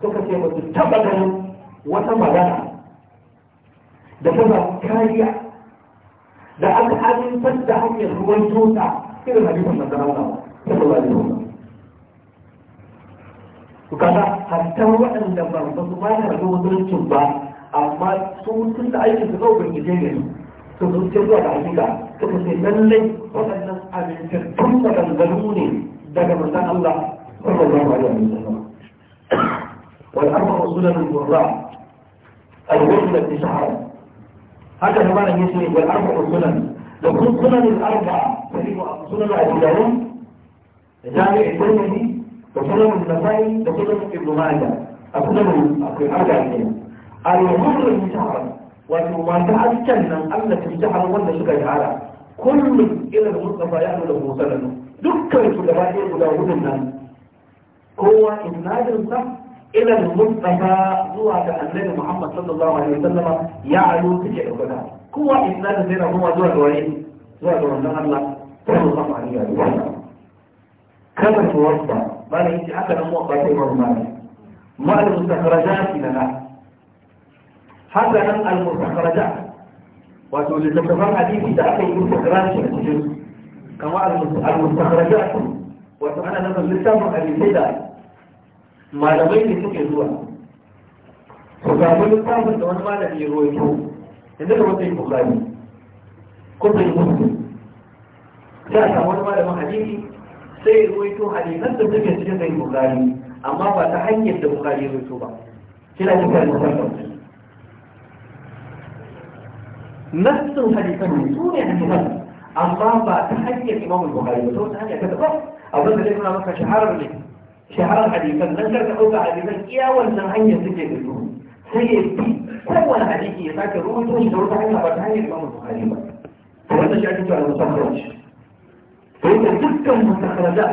suka ce ba su taɓa ganin wata magana da ta ba kariya da an amintar da hanyar ruwan tuta irin hadisin da zama sallallahu alaihi wasallam ku kaga hatta waɗanda ba ba su bayar da wajen ba amma su tun da aikin su kawai bincike ne su sun ce zuwa da hakika suka ce lallai waɗannan amintattun maganganu ne daga manzon Allah sallallahu alaihi wasallam wal arba rasulan al-qurra al-wajh al-shahara هذا هو معنى يسمي والأربع السنن يكون سنن الأربع فإن سنن أبي داود جامع الترمذي وسنن النسائي وسنن ابن ماجه السنن الأربع الأمور المشهرة والمماتعة كنا التي تشتهر ولا شكا تعالى كل إلى المصطفى يحمله سننه دكا في الغاية ولا هدنا هو إسناد الصح إلى المصطفى هو النبي محمد صلى الله عليه وسلم يعلو تجي أبدا كوا إسلام زينا هو زوا الوالين زوا الوالين الله صلى الله عليه وسلم كما توصى ما لا يجي أكل موقع في مرمان ما المستخرجات لنا حسنا المستخرجات وتولد كمان حديثي ده أكل مستخرجات كما المستخرجات وأنا نظر لسامة الإنسان malamai ne suke zuwa su samu littafin da wani malami ya ruwaito yanzu da wata yi bukari ko bai musu sai a samu wani malamin hadisi sai ya ruwaito hadisan da suke cikin bai bukari amma ba ta hanyar da bukari ya ruwaito ba kina cikin musamman nassin hadisan ne su ne hadisan amma ba ta hanyar imamul bukari ba ta wata hanyar ta daban abin da zai nuna maka shaharar ne shaharar hadisan dan karka ɗauka hadisan iya wannan hanyar suke da su sai ya bi kowane hadisi ya sake rubuto shi da wata hanya ba ta hanyar imamu bukhari ba to wannan shi ake cewa musakharaj to yadda dukkan musakharaja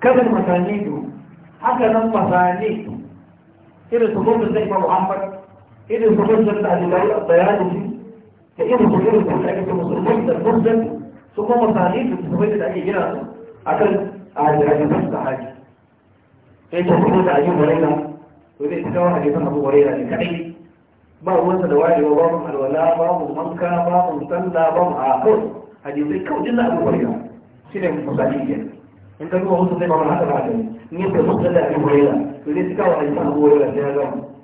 kamar masanidu haka nan masanidu irin su gudun da imamu ahmad irin su gudun da alibai a bayanin da irin su irin su da ake cewa musulmai da gudun su kuma masanidu su kuma da ake gina su akan a jirajin sahaji ya ce su da ajin waraina to zai ta kawo hadisan abu waraina ne kadai ba ruwansa da wayewa ba mu alwala ba mu manka ba mu sallah ba mu a kawai hadisai kawai jin abu waraina shi ne misali biyar in ka duba mutum zai ba mu haka ba in yadda mutum da abu waraina to zai ta kawo hadisan abu waraina sai ya gama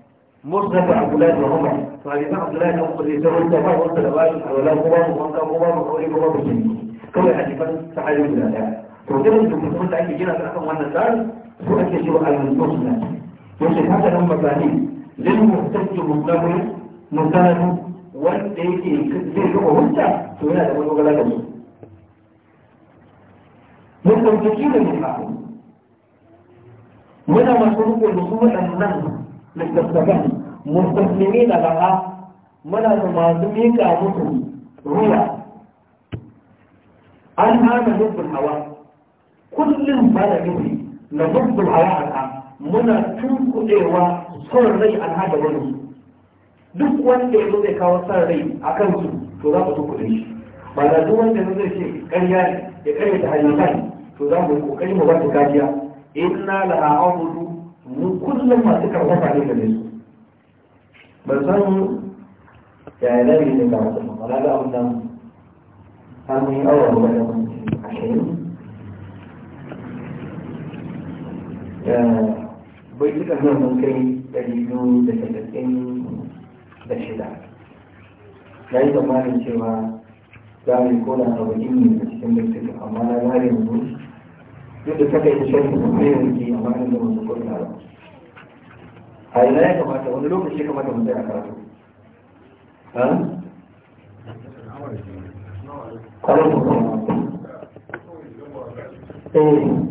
مسند عبد الله بن عمر فحديث عبد الله بن عمر يزور السماء والسلام على ولا قوام وقام قوام وقام قوام كل حديث صحيح من ذلك to irin dukkan da ake gina su akan wannan tsari su ake cewa al-musna yace haka nan masani lil mu mutlawi musanadu wanda yake zai rubo hujja to yana da wani da su mun shi da ne ba muna masu rubo da su waɗannan littattafan mustaslimi da laha muna da masu miƙa musu ruwa an hana nufin hawa kullum ba da nufi na mutum a wa'ata muna tunkuɗewa son rai al'ada wani duk wanda ya zo zai kawo son rai a kansu to za ku tunkuɗe shi ba da duk wanda zai ce ƙarya ne ya ƙarya ta hanyar to za mu kokari mu wata ta kariya inna la a'budu mu kullum masu karfafa ne da su ban san ya yi lalle ne ga wasu ba na ga abin nan har mun yi awon wani da bai duka nan mun kai ɗari biyu da talatin da shida na yi tsammanin cewa za mu yi kona wajen ne a cikin bincika amma na gane yanzu duk da saka yi shan da sai yanzu amma da wasu ko ba a ina ya kamata wani lokaci ya kamata mu tsaya karatu kwanan kuma eh.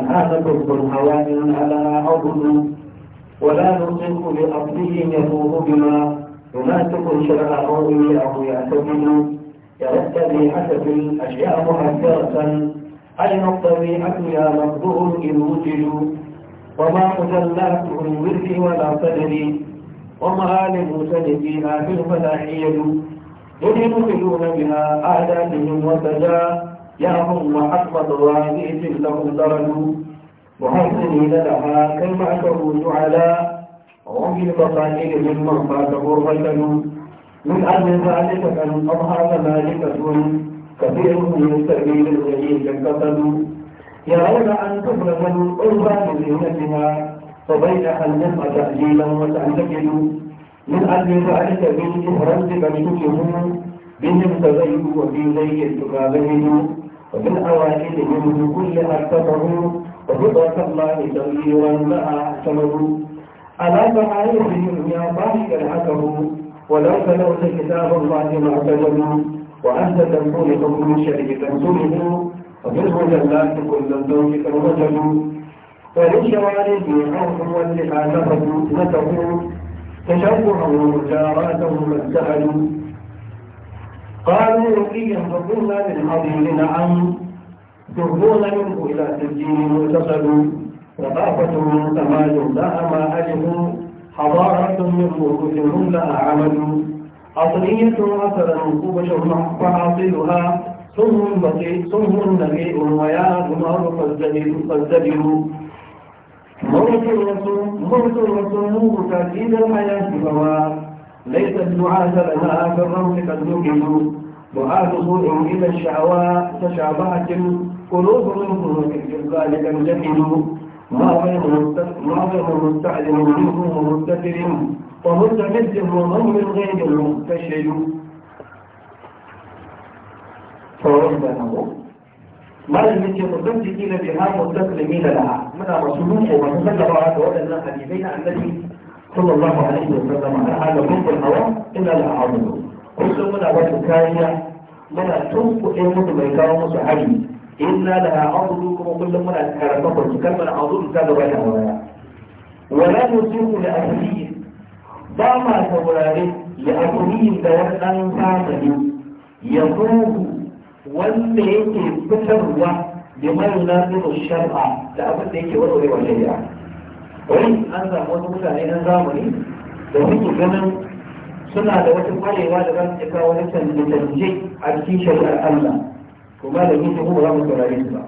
أن هذا كفر هوان على عضد ولا نطق بأرضه يفوه بما يناسب شرع قومه أو يعتمد يرتدي حسب الأشياء مهجرة أي نقتضي أكلها مقدور إن وجدوا وما مجلات من ورد ولا صدر ومعالم سجدها في الفلاحية يدخلون بها أعدادهم وسجاه يرحم أحمد واجئت لهم درجوا وحسن لها كما تروج على وفي من مرفا فاته الرجل من أجل ذلك أن أظهر مالكة كثير من السبيل الغيب يا يرون أن تفرغ من زينتها فبينها النفع تأجيلا وتعتقد من أجل ذلك بالإفراد بشكهم بهم تزين وفي زي تبابهن ومن أوائلهم بكل أكتبه وفطرة الله تغييرا ما أحسنه ألا تعارفهم يا ضاحك الحكم ولو تلوت كتاب الله ما اعتدموا وأنت تكون حكم الشرك تنزله ومنه جلات كل الزوج كالرجل وللشوارب عرف واللحى نفذ نتقوا تشبعا ومجاراته ما اتخذوا قالوا إن ضربونا من عظيم نعم ضربونا منه إلى سجين متصل رقافة من تمال لا ما أله حضارة من مروجهم لها عمل عطرية أثر كبش فعاصلها سم بقيء سم نقيء ويا غمار فازدجر فازدجر موت رسول موت رسول تأكيد الحياة بواب ليس الدعاة لها في الروح قد نكلوا دعاة صوع إلى الشعواء تشابهت قلوب منهم في ذلك الجحد ما غير مستعلم منه مستتر ومتمد ومن من غير المستشهد ما malam yake ku بها jiki لها من mutakallimina laha muna masu ruko masu sallama da waɗannan صلى الله عليه وسلم على هذا كنت الحرام إلا لأعظمه قلت منا وتكاية منا تنفق إيه ما بيكاو مسحري إلا لأعظمه كما من منا كرمه كما أعظم كان بين ورايا ولا نسير لأهليه ضعما سوراره لأهليه دوان أنفامه يقوه wanda yake fitarwa da mai nazirin shari'a da abin wani an samu wasu mutane na zamani da suke ganin suna da wata kwarewa da za su kawo wani canje-canje a cikin shari'ar Allah kuma da yin kuma ba mu saurare su ba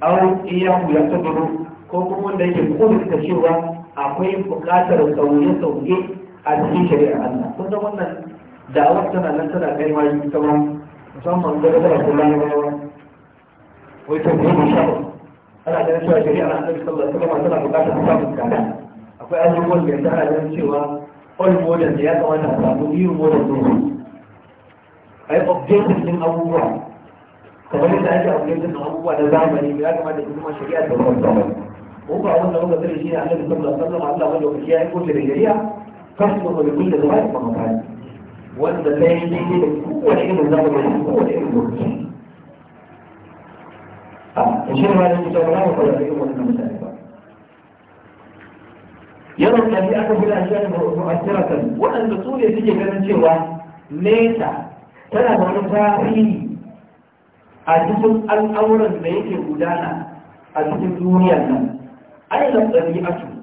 awon iyaku ya tabbaro ko kuma wanda yake kudurta cewa akwai buƙatar sauye-sauye a cikin shari'ar Allah kun san wannan da'awar tana nan tana kai ma yi kamar musamman gargara ko larabawa wai ta kuma ana ganin cewa shari'ar annabi sallallahu alaihi wasallam tana bukatar samun tsada akwai abubuwan da yanzu ana ganin cewa all modern da ya kamata a samu new modern din a yi objective din abubuwa kamar yadda ake objective din abubuwa na zamani ya kamata su kuma shari'a da wani zamani ko ba wanda muka sani shi ne annabi sallallahu alaihi wasallam Allah wanda kuma ya yi kotu da shari'a kasu da kwalikin da zama ya kuma wanda ta yi daidai da kowane irin zamani kowane irin lokaci a ah, shi ma yake a ba ku da irin wannan mutane ba yawan da aka gudu a shi ne mu'assiratan waɗanda su suke ganin cewa nesa tana da wani tarihi a cikin al'auran da yake gudana a cikin duniyar nan a ɗabi'atu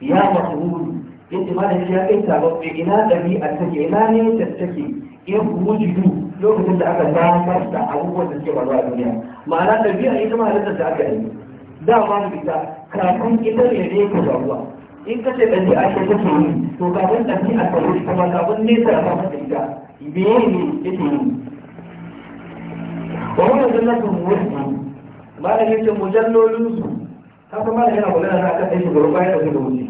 ya masu yadda ma da shi ya kai sababbi ina a take ina ne ta ya in lokacin da aka damar da abubuwan da suke faru a duniya ma'ana ɗabi'a ita ma halittar da aka yi dama da ita kafin ita ne ne ku faruwa in ka ce ɗabi'a ce ke yi to kafin a ta yi kuma kafin nesa ya samu da ita biye ne yake yi wa wannan jannatin wasu malamin yake mujallolin su haka da yana magana na akan ɗaya shugaban bayan da suka wuce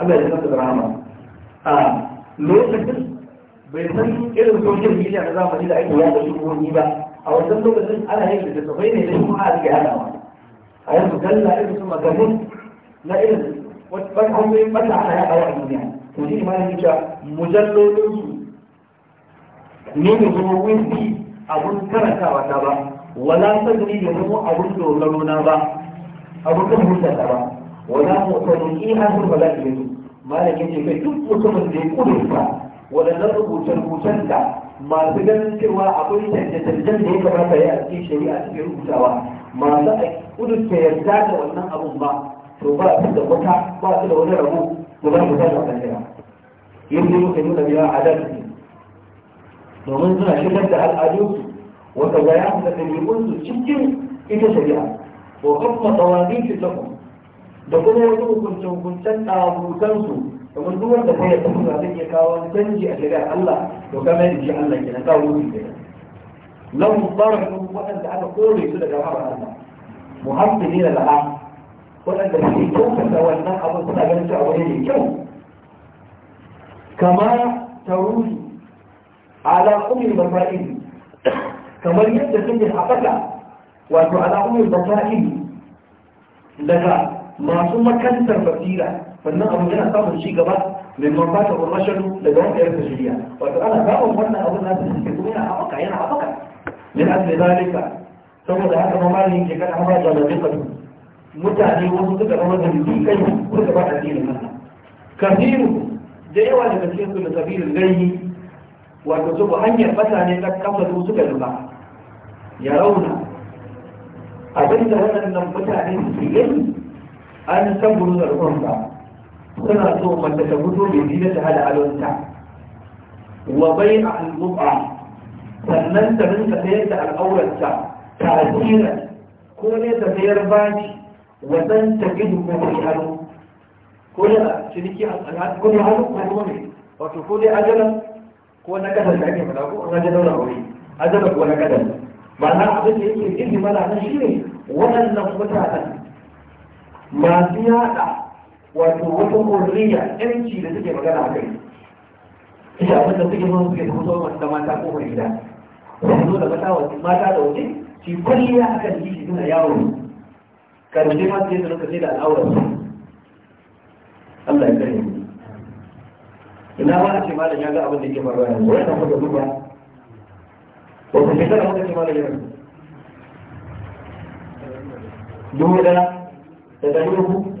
Allah ya san da rahama a lokacin bai san irin social media na zamani da ake yada shugabanni ba a wancan lokacin ana yin da tafai ne da kuma a cikin hadawa a yanzu galla irin su maganin na irin wata hanyoyin mata ana yada a duniya to shi ma yake cewa mujallolin su ne ne kuma wifi abun karantawa ta ba wala sanni ya zama abun dogaro na ba abun kan hujjata ba wala mu'tadin ihadu wala ilahi malakin ce kai duk mutumin da ya kudurta waɗannan rubuce-rubucen da masu ganin cewa akwai canje-canjen da ya kamata ya a cikin shari'a cikin rubutawa masu a kudurta yarda da wannan abun ba to ba su da wata ba su da wani rabo da ba su da wata jira yadda muka nuna biya adalci domin suna shigar da al'adunsu wata gaya da ɗabi'unsu cikin ita shari'a wa kuma tsawani ta da kuma wasu hukuncin hukuncen ɗabutansu domin duk wanda kai ya tafi ba zai iya kawo wani canji a shari'ar Allah to kamar yadda shi Allah ke na kawo mutum da lahum darahum waɗanda aka kore su daga rahmar Allah muhammadu la'a waɗanda ke kyautata wannan abin suna ganin cewa wani ne kyau kama taruhi ala ummi mafaidi kamar yadda suke haɓaka wato ala ummi mafaidi daga masu makantar basira فالنقم من هنا صار الشيء جبار من مرتاح ورشل لدوام إيرف سوريا وأنا بقى وفرنا أظن هذا السكتومين أعطاك عينا أعطاك من أجل ذلك ثم ذهب ممالي إن كان عمرا جلدقة متعني وصدق الأمر من دي كي كل بعض الدين المهنة كثير جاي واحد كثير كل كبير الغيه وأكتب أن يفتح أن يتك كم تدوسك المهنة يرون أبنت هنا أن المتعني في الغيه أن تنبلو ذلك suna so mace ta fito mai zina ta hada alonta wa bai a al'ubba sannan ta rinka sayar da al'aurarta asira ko ne ta sayar baki wasan ta gidu ko mai hannu ko da ciniki a tsanani ko ne hannu ko kuma ne wato ko dai ajalan ko na kasar da ake fada ko an ajalan daura wuri ajalan ko na kasar na abin da yake gidi mana shi ne waɗannan mutanen masu yaɗa wato wata hurriya yanci da suke magana a kai ita abin da suke mun suke fito da mata ko mai gida sai zo da mata wasu mata da waje shi kulliya akan yi shi suna yawo karshe ma sai su rika sai da al'aurar su Allah ya kare ina ma a ce malam ya ga abin da yake faruwa yanzu Wani wannan kuma duba wata shekara wata ce malam ya rasu dubu da da yi uku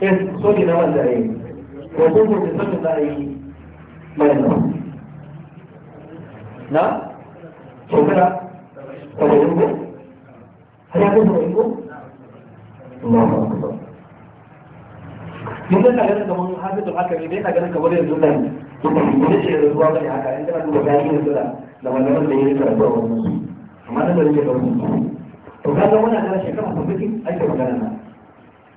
sai so ne na wanda ya yi ko ko ko ta sanin ta yi mai nan na shekara saba'in ko har ya kai saba'in ko Allahu akbar mun da ganin kamar hafizul hakami bai da ganin kamar yanzu nan kuma mun ce zuwa bane haka in kana duba tarihin sura da wannan da yake karatu wannan amma nan da yake karatu to kaga wannan kana shekara 70 ake magana nan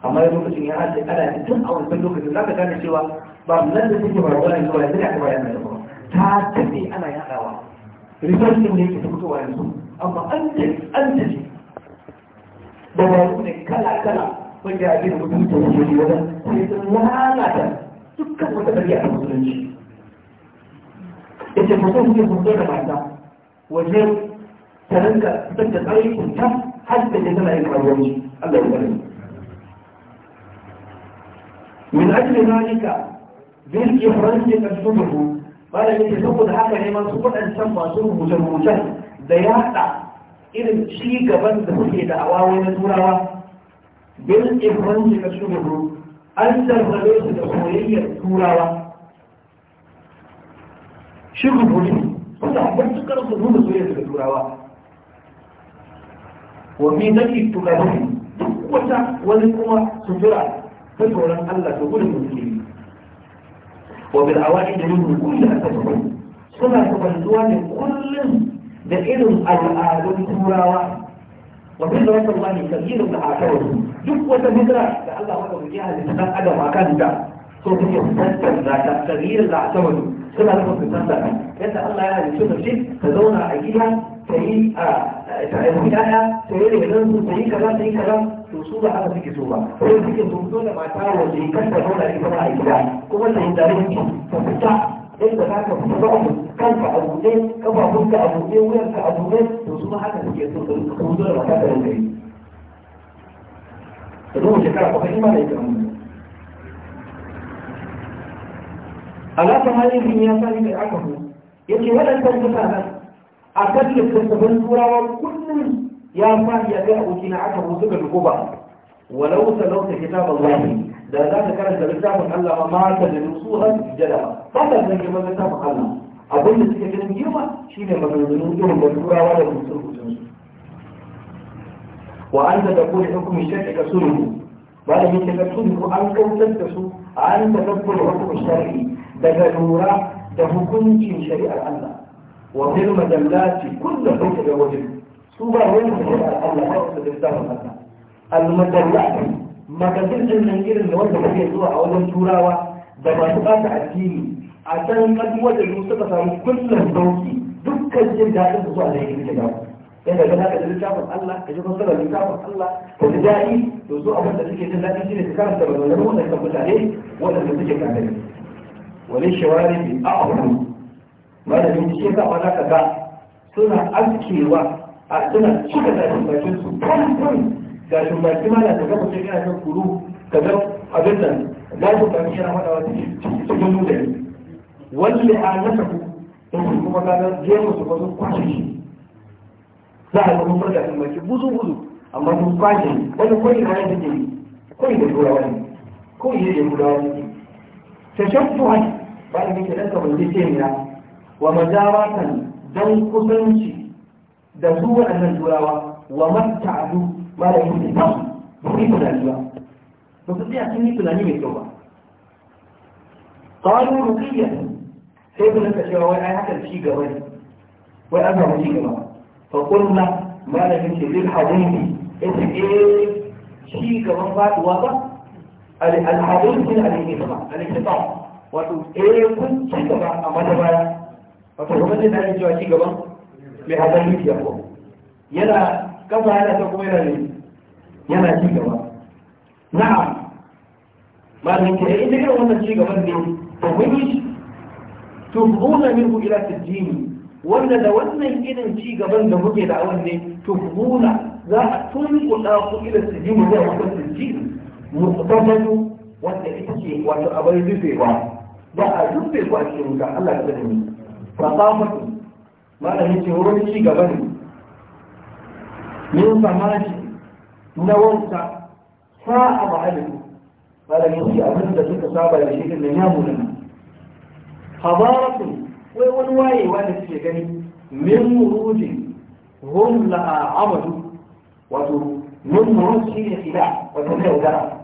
amma ya lokacin ya haɗe ana tun a wancan lokacin za ka gane cewa ba nan da take barazana ne kawai zai aka bayan da kuma ta tafi ana yaɗawa rifar ne yake ta fitowa yanzu amma an tafi an tafi da wayo ne kala kala wanda ya gina mutum ta wuce ne wajen sai sun lalata dukkan wata ɗariya ta musulunci yace mutum ne mutum da mata wajen ta rinka fitar da tsarikin ta har da ta tana yin karuwanci Allah ya bari min ajli zalika bil ifranti tasbuhu bala yake saboda haka ne masu waɗancan masu rubuce-rubucen da yaɗa irin ci gaban da suke da awawai na turawa bil ifranti tasbuhu an zarrabe su da soyayyar turawa shi rubutu suna matukar su nuna soyayyar da turawa wa fi nake tukaru duk wata wani kuma sutura فجرا الا تقول المسلمين وبالعوائد منه كلها تدخل صلاة بلدوان كل دائر الآل الكراوة وفي الله الله يسجل من عاشور جفوة مدرع لألا وقت وجهة لسنان أدم أكاد صوت يستجل لا تستغير لا عاشور في بلدوان يسا الله يعني شو تفشي تدون عيها تهي تهي تهي تهي تهي تهي تهي تهي to su ba haka suke so ba sai suke so dole mata waje kan da zauna ita ba a gida kuma sai yi tare da ta fita inda za ka fita ba kanka a buɗe kafafunka a buɗe wuyanka a buɗe to su ma haka suke so da su kuma dole mata ta rinka yi da zuwa shekara kuma ima da ita mun Allah ta halin ya sani da aka hu yace waɗannan mutanen a kan littattafan turawa kullum يا ما يا ده وكنا عكب وسك الكوبا ولو سلوت كتاب الله ده ذاك كان كتاب الله ما كان لنصوها جلها فقط من كما كتاب الله abin da suka ganin girma shine maganganun irin da turawa da mutum mutum wa an da da kuma hukumin shari'a ka sulhu ba da yake ka sulhu an kautar da su an da da kuma hukumin shari'a daga lura da hukuncin shari'ar Allah wa fil madallati kullu hukmin wajen su ba wani su da Allah ba su da littafin Allah al-mutallaq magazin din nan irin da wanda kake zuwa a wajen turawa da masu ɓata addini a can kaduwa da su suka samu kullum sauki dukkan jin daɗin su zuwa da yake da dawo yadda ga haka da littafin Allah ka ji fasarar littafin Allah ka ji daɗi to zo abin da suke jin daɗi shine ka karanta maganganun suka mutane waɗanda suke kan gari wani shawari bi a'ahu malamin shi ka wala ka ga suna askewa a suna cika tashin bakin su kan kan tashin baki ma na ta gaba sai yana kan kuru ka ga abin nan tashin baki yana faɗa wata cikin nudani wanda a nasa ku in su kuma ka ga jemu su ko su kwashe shi za a ga mafar tashin baki buzu buzu amma sun kwashe wani kwai da ya take kwai da turawa ne da ya yi gudawa ne ta shafu hajji ba da nake ɗan kamar zai ce mina wa mazawatan don kusanci da su waɗannan turawa wa matta'adu ma da yake tam ba su yi tunani ba ba su tsaya sun yi tunani mai kyau ba qalu ruqiyya sai ku naka cewa wai ai hakan ci gaba ne wai an samu ci gaba fa qulna ma da yake lil hadisi yace eh ci gaban faduwa ba al-hadith min al-ihtifa al-ihtifa wato eh kun ci gaba a madabaya wato kuma da yake cewa ci gaban mai hasan rijiya ko yana kasa yana ta kuma yana ne yana ci gaba na'am malamin ke ita irin wannan ci gaban ne to mun yi tubuna minhu ila tajini wanda da wannan irin ci gaban da muke da awan ne tubuna za a tunkuɗa ku ila tajini zuwa wata tajini mutsafatu wanda ita ce wato abin rufewa ba a rufe ku a cikin wuta Allah ya tsare mu fasafatu malam yace wani ci gaba ne min samaji na wanta sa'a ma'alimu malam yace abin da suka saba da shi din ya munana hadaratun wai wani wayewa da suke gani min murujin hum la'a amadu wato min muruj shi ne khila wato ne yaudara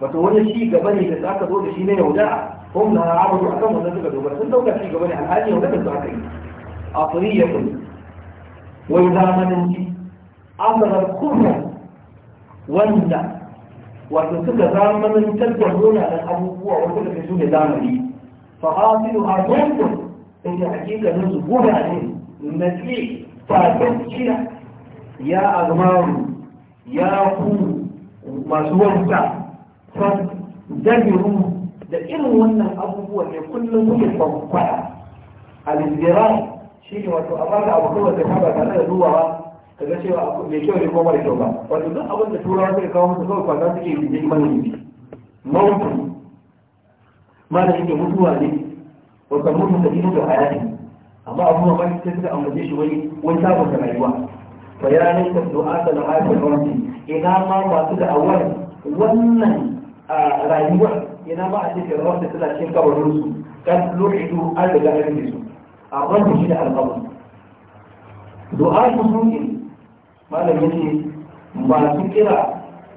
wato wani ci gaba ne da aka zo da shi ne yaudara hum la'a amadu akan wannan suka dogara sun dauka ci gaba ne alhali yaudara da aka yi عطرية وإذا مننت أمر الكهر وانت وتسد زامن تدعون على الأبوة وكل في سنة دامري فقاتل أبوكم إن حقيقة نزبوها عليهم نتلي فاتشيرا يا أغمار يا أخو ما زورت فدمروا لإن وانا أبوة لكل مجد فوقها الازدراء shi ne wato amma ga abu kawai da kaba tare da dubawa ka ga cewa mai kyau ne ko mara kyau ba wato duk abin da turawa suka kawo musu kawai kwana suke yi ne imanin ne mawutu ma da yake mutuwa ne wasan mutu da mutu da hayati amma abu ma bai sai suka ambace shi wani wani sabon da rayuwa fa ya ne ta du'a da la'afin rabbi ina ma masu da awar wannan rayuwa ina ma a cikin rawar da suna cikin kabarinsu kan lokacin an daga ainihin su a wanda shi da alƙawar du'a shi sun yi malam yake masu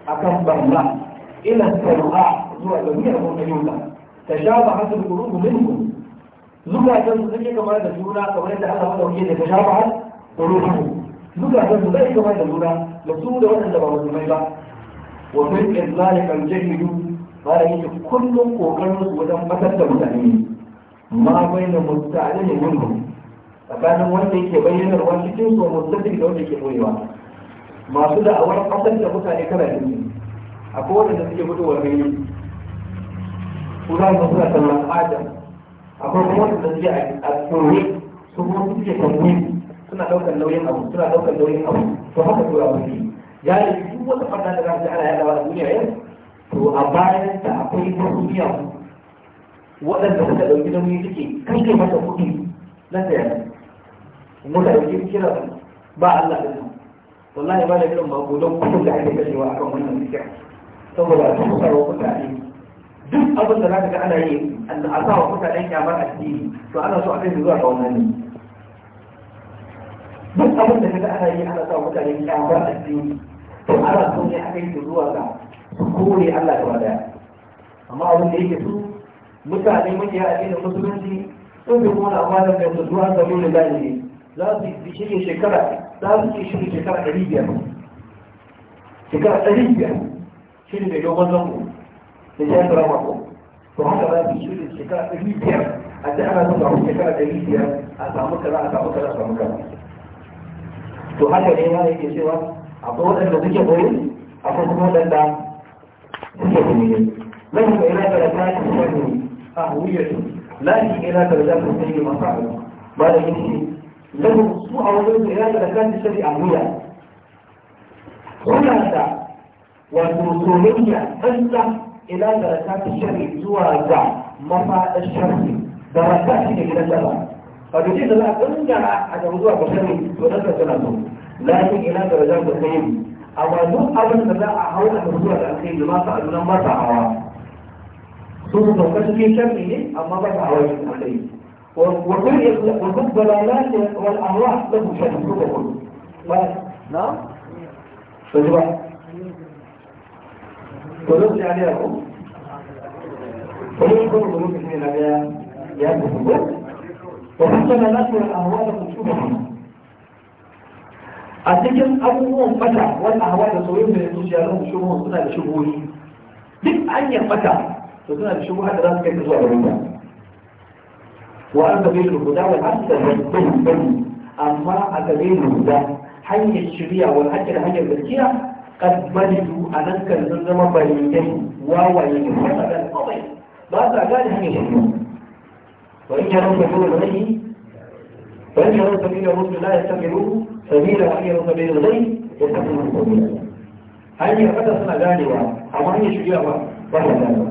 a kan barna ila ta du'a zuwa ga miyar mota yuta ta sha ba hasa da kuru ku zuwa ta su kamar da juna kamar yadda allah ta wuce da ta sha ba da kuru gudun zuwa ta su kamar da juna da su da waɗanda ba musulmai ba wa min izalika al-jahidu ba da yake kullum kokarin su wajen fatar da mutane ma baina musta'alin minhu tsakanin wanda yake bayyanar wani cikin so mustaqil da wanda yake boyewa masu da da'awar kasar da mutane kana A akwai wanda suke fitowar gani kuma da suna kallon adam akwai kuma wanda suke a tsore su kuma suke kalli suna daukar nauyin abu suna daukar nauyin abu to haka tura yi. ya yi duk wata fata da za ta ana yadawa a duniya yau to a bayan ta akwai duniya miyawu waɗanda suka ɗauki nauyi suke kai masa kuɗi na sayan muka ɗauki kira ba Allah da su wallahi ba da kiran ba ko don kuɗin da ake kashewa kan wannan kira saboda su kusa wa mutane duk abin da za ka ga ana yi a sa wa ba kyamar ciki, to ana so a kai zuwa ga wannan ne duk abin da kaga ana yi ana sa wa ba kyamar ciki, to ana so ne a kai zuwa ga kore Allah gaba ɗaya. amma abin da yake su mutane muke a cikin musulunci sun fi kuma amalan da su zuwa ga mulki da ne za su shirye shekara za su ke shirye shekara ɗari biyar shekara ɗari biyar shi ne mai dogon zango da shi yasa rama to haka za su shirye shekara ɗari biyar a da ana zuwa ku shekara ɗari biyar a samu kaza a samu kaza a samu kaza to haka ne ma yake cewa akwai waɗanda suke koyi akwai kuma waɗanda suke koyi zan yi ila da ta yi أهوية لكن إلى درجات السيء مصاعب ما لا يمشي له مصنوع وجود إلى درجات السيء أهوية هنا والرسولية أنت إلى درجات الشر زواج مفاد الشر درجات إلى الجبل فبجد لا تنجع عن وضوء بشر ونسى سنته لكن إلى درجات الخير أو نوع أول ما أن وضوء الخير ما فعلنا ما فعلنا Duk da cikin ne amma ba ta hawa wa duk wal da ku su da ba na ba ya ne ko ko da ne na ya ya ku ko na da ku su a cikin abubuwan fata wal ahwa da soyayya da zuciya da shugo suna da duk an yi fata to suna da shubuhar da za su kai ka zuwa ga riba wa an gabe da guda wa an da babban bani amma a gabe da guda hanyar shirya wa hanyar hanyar gaskiya kad balidu a nan kan sun zama balidai wawaye ne ba sa gane komai ba sa gane hanyar shirya wa in yaron ka zuwa da فإن يروا سبيل الرسل لا يتبعوه سبيل وأن يروا سبيل الغي يتبعون سبيل هل يفتح سنة ذلك أما هي شجاعة وهي ذلك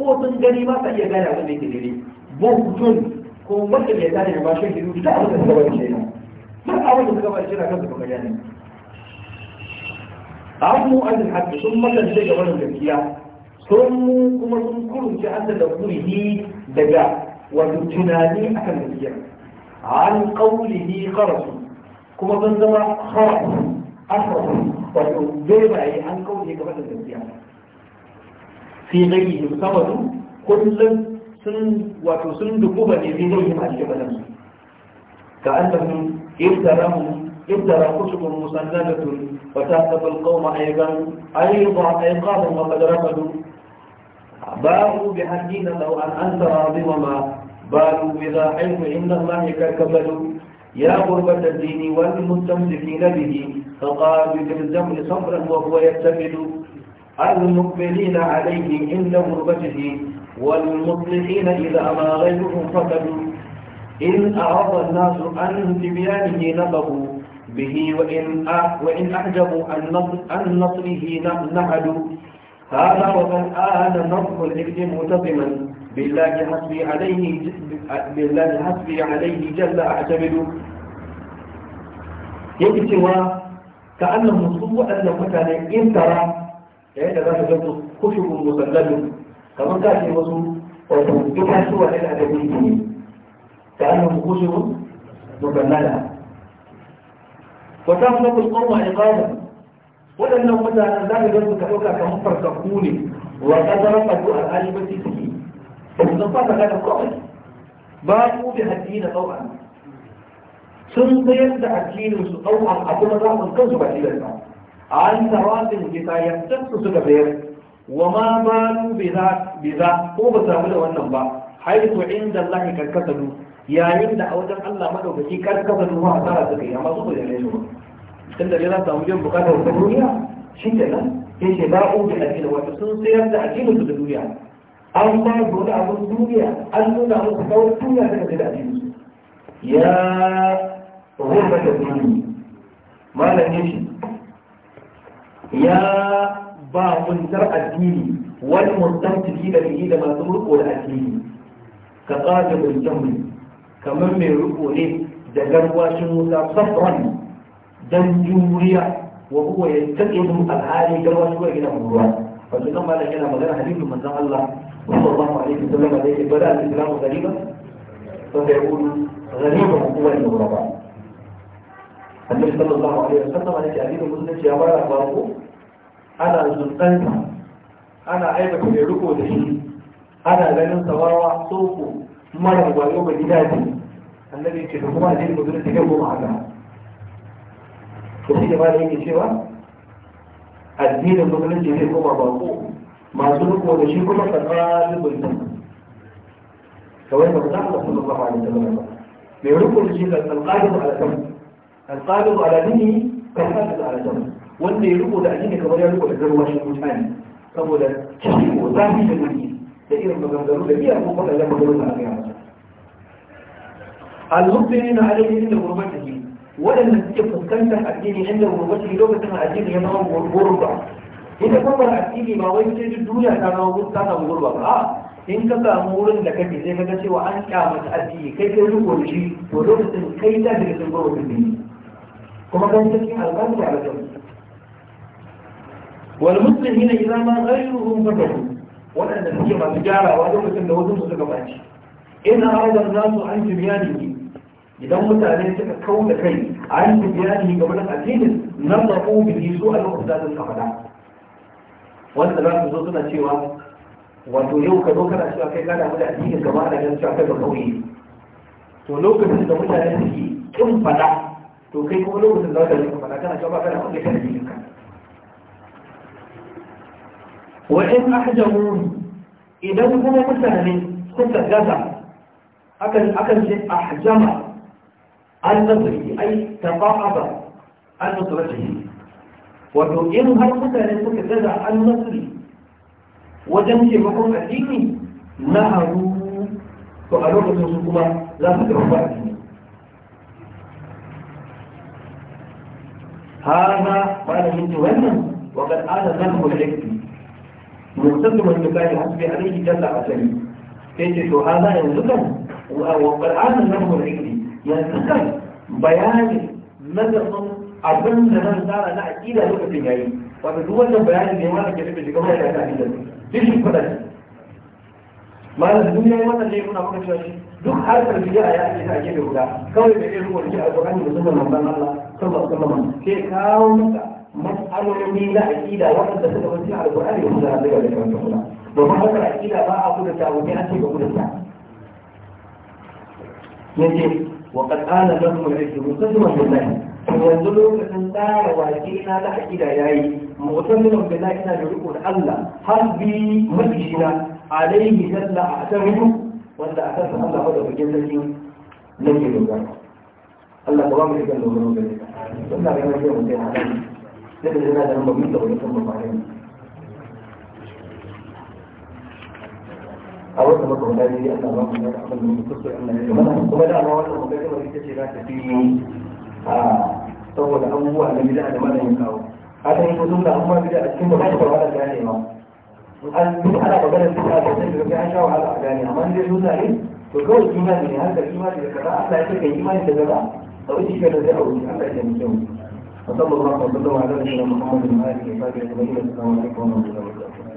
ko sun gani ba sa iya gane abin da yake daidai buhtun ko wanda bai gane ba shi ke duk abin da suka bari shi na duk abin da suka bari shi na kansu kuma gane amu an haƙƙi sun makance ga wannan gaskiya sun mu kuma sun kurunci an da kurihi daga wato tunani akan gaskiya an qawlihi kharasu kuma sun zama kharasu asrafu wato bai bai an kauje ga wannan fi ghayrihim samadu kullum sun wato sun dukuba ne fi ghayrihim a cikin balan ka ibtaramu كتب مسندة وتهتف القوم أيضا أيضا أيقاظا وقد رفضوا باءوا بحكين لو أن أنت راضي وما بالوا بذا حيث إن الله كالكبل يا غربة الدين والمستمسكين به فقال بجلزم صبرا وهو يتمد المقبلين عليه عند غربته والمصلحين إذا ما غيرهم فسدوا إن أعرض الناس عن تبيانه نبغوا به وإن وإن أعجبوا عن نصره نعدوا هذا وقد آن نصر الإبن ملتزما بالله حسبي عليه بالله حسبي عليه جل أعتمد يجب سوى كأنه سوء أن مكان إن ترى da yadda za ka zanto kushubun musallatu kamar ka ce wasu wato duka su wa ɗin adabi ne ta annan kushubun musallala wa ta fi nufin ƙonwa ibada waɗannan mutanen za ka zanto ka ɗauka kamar farkaku ne wa ƙazarar fatu al'alibati suke ba su zan fasa gada kawai ba ku bi haddina ɗauka sun sayar da addininsu ɗauka a kuma zafin kansu ba tilas ba an tawasin bisa yastassu suka bayar wa ma balu biza ko ba samu da wannan ba haitu inda Allah ya karkasa kasadu yayin da a wajen Allah madaukaki karkasa kasadu ma asara suka yi amma su ba da ne tunda ne za su samu biyan bukatar wata duniya shi ke nan ke ce ba u bi ajiyar wata sun sayar da ajiyar su da duniya an ba da wani abu duniya an nuna musu kawai duniya daga da ajiyar su ya rubuta duniya malam ne shi ya ba kuntar addini wani mustamtiki da fiye da masu riko da addini ka tsaga buljamu kamar mai riko ne da garwashin wuta safran don juriya wa kuwa ya min mu alhali garwashi wa gina ruwa wato kan malam yana magana hadisin manzon Allah sallallahu alaihi wasallam da yake bada al-islamu gariba fa yaqulu gariba kuwa al-ghuraba annabi sallallahu alaihi wasallam ne ke addinin musulunci ya fara bako ana zuntan ana aibata mai riko da shi ana ganin sawawa soko mara gwayo ba gida ne annabi ce da kuma addinin musulunci ya goma haka to shi jama'a yake cewa addinin musulunci zai koma bako masu riko da shi kuma tsakanin bultan kawai ba za a lafi da kama ba. mai riko da shi da alƙalin alƙalin القادم على دينه كالقادر على دمه وانه يلقوا دا دينه كما يلقوا لذروا واشي المتاني فهو دا تشيئ وطاني في المدين لئير مغمدرون لئير مقطع لما دولنا على قيامة المبنين عليه عند غربته ولم نتجف كنت الدين عند غربته لو كان الدين يمام غربة إذا كبر الدين ما ويمكن الدنيا كان غربته غربة in ka samu wurin da kake zai kaga cewa an kyamata aji kai kai rubuci to lokacin وما كان تكي على الباب وعلى جنب والمسلم هنا إذا ما غيره مبتده ولا أن تكيما تجارة وأدوك سنة وزن سكباتش إن أراد الناس عن تبيانه إذا أمت عليه تكون لكي عن تبيانه قبل أدين نمطه به سوء الأخداد الفقداء وأنت لا تزوزنا سوى وتوليوك دوكرا سوى كي كان أمد أدين كبارا جنس شعفة بطوي تولوك من دوكرا لكي كم فدأ to kai kuma lokacin za ka yi kuma kana cewa baka da kuɗi kana yi ka wa in ahjamu idan kuma mutane suka gaza akan akan ce ahjama an nasri ai taqaba an nasrati wato in har mutane suka gaza an nasri wajen taimakon addini na haru to a lokacin su kuma za su karɓi addini hana wani mutu wannan wakar ana zan mulki musan da wani bayan hasu bai alaihi jalla a sani sai ce to hana yanzu kan wakar ana zan mulki yanzu kan bayani nazarin abin da zan tsara na aƙida lokacin yayi wata duk wannan bayani ne wanda ke tafi shiga mai da ta fitar duk kuɗa ne malam da duniya wannan ne muna maka cewa duk harkar biya a yaƙi ta ake da guda kawai da irin wani ke alƙur'ani da sunan manzon Allah sama sama sai kawo maka na aƙida, waɗanda suka mutu a alƙur'ani da daga da kuma ba haka ba a kuda ta ce kuda ta Yanzu wa yanzu lokacin tsara waƙe na ta yayi mutasliman billahi ina da riko da Allah har bi mulkina alaihi jalla a'tamidu wanda akan Allah da sarki nake dogara Allah ba mu da dogaro gare don na ganin yau mutum halali zai da yana ganin babu da wani kan mamaye a wata makwabta ne Allah ba mu da abin da mu kusa Allah ya mana kuma da ma wannan magana ita ce za ta fi a saboda abubuwa na bid'a da malam ya kawo haka ne kullum da amma bid'a a cikin mutane ba wala gane ma an duk ana magana bid'a da sai da an sha wahala a gane amma dai su zai to kawai imani ne har da imani da kaza ya ce kai imani da kaza وإيش كان ذا أولي على أهل الجو وصلى الله وسلم على نبينا محمد وآله وصحبه أجمعين السلام عليكم ورحمة الله وبركاته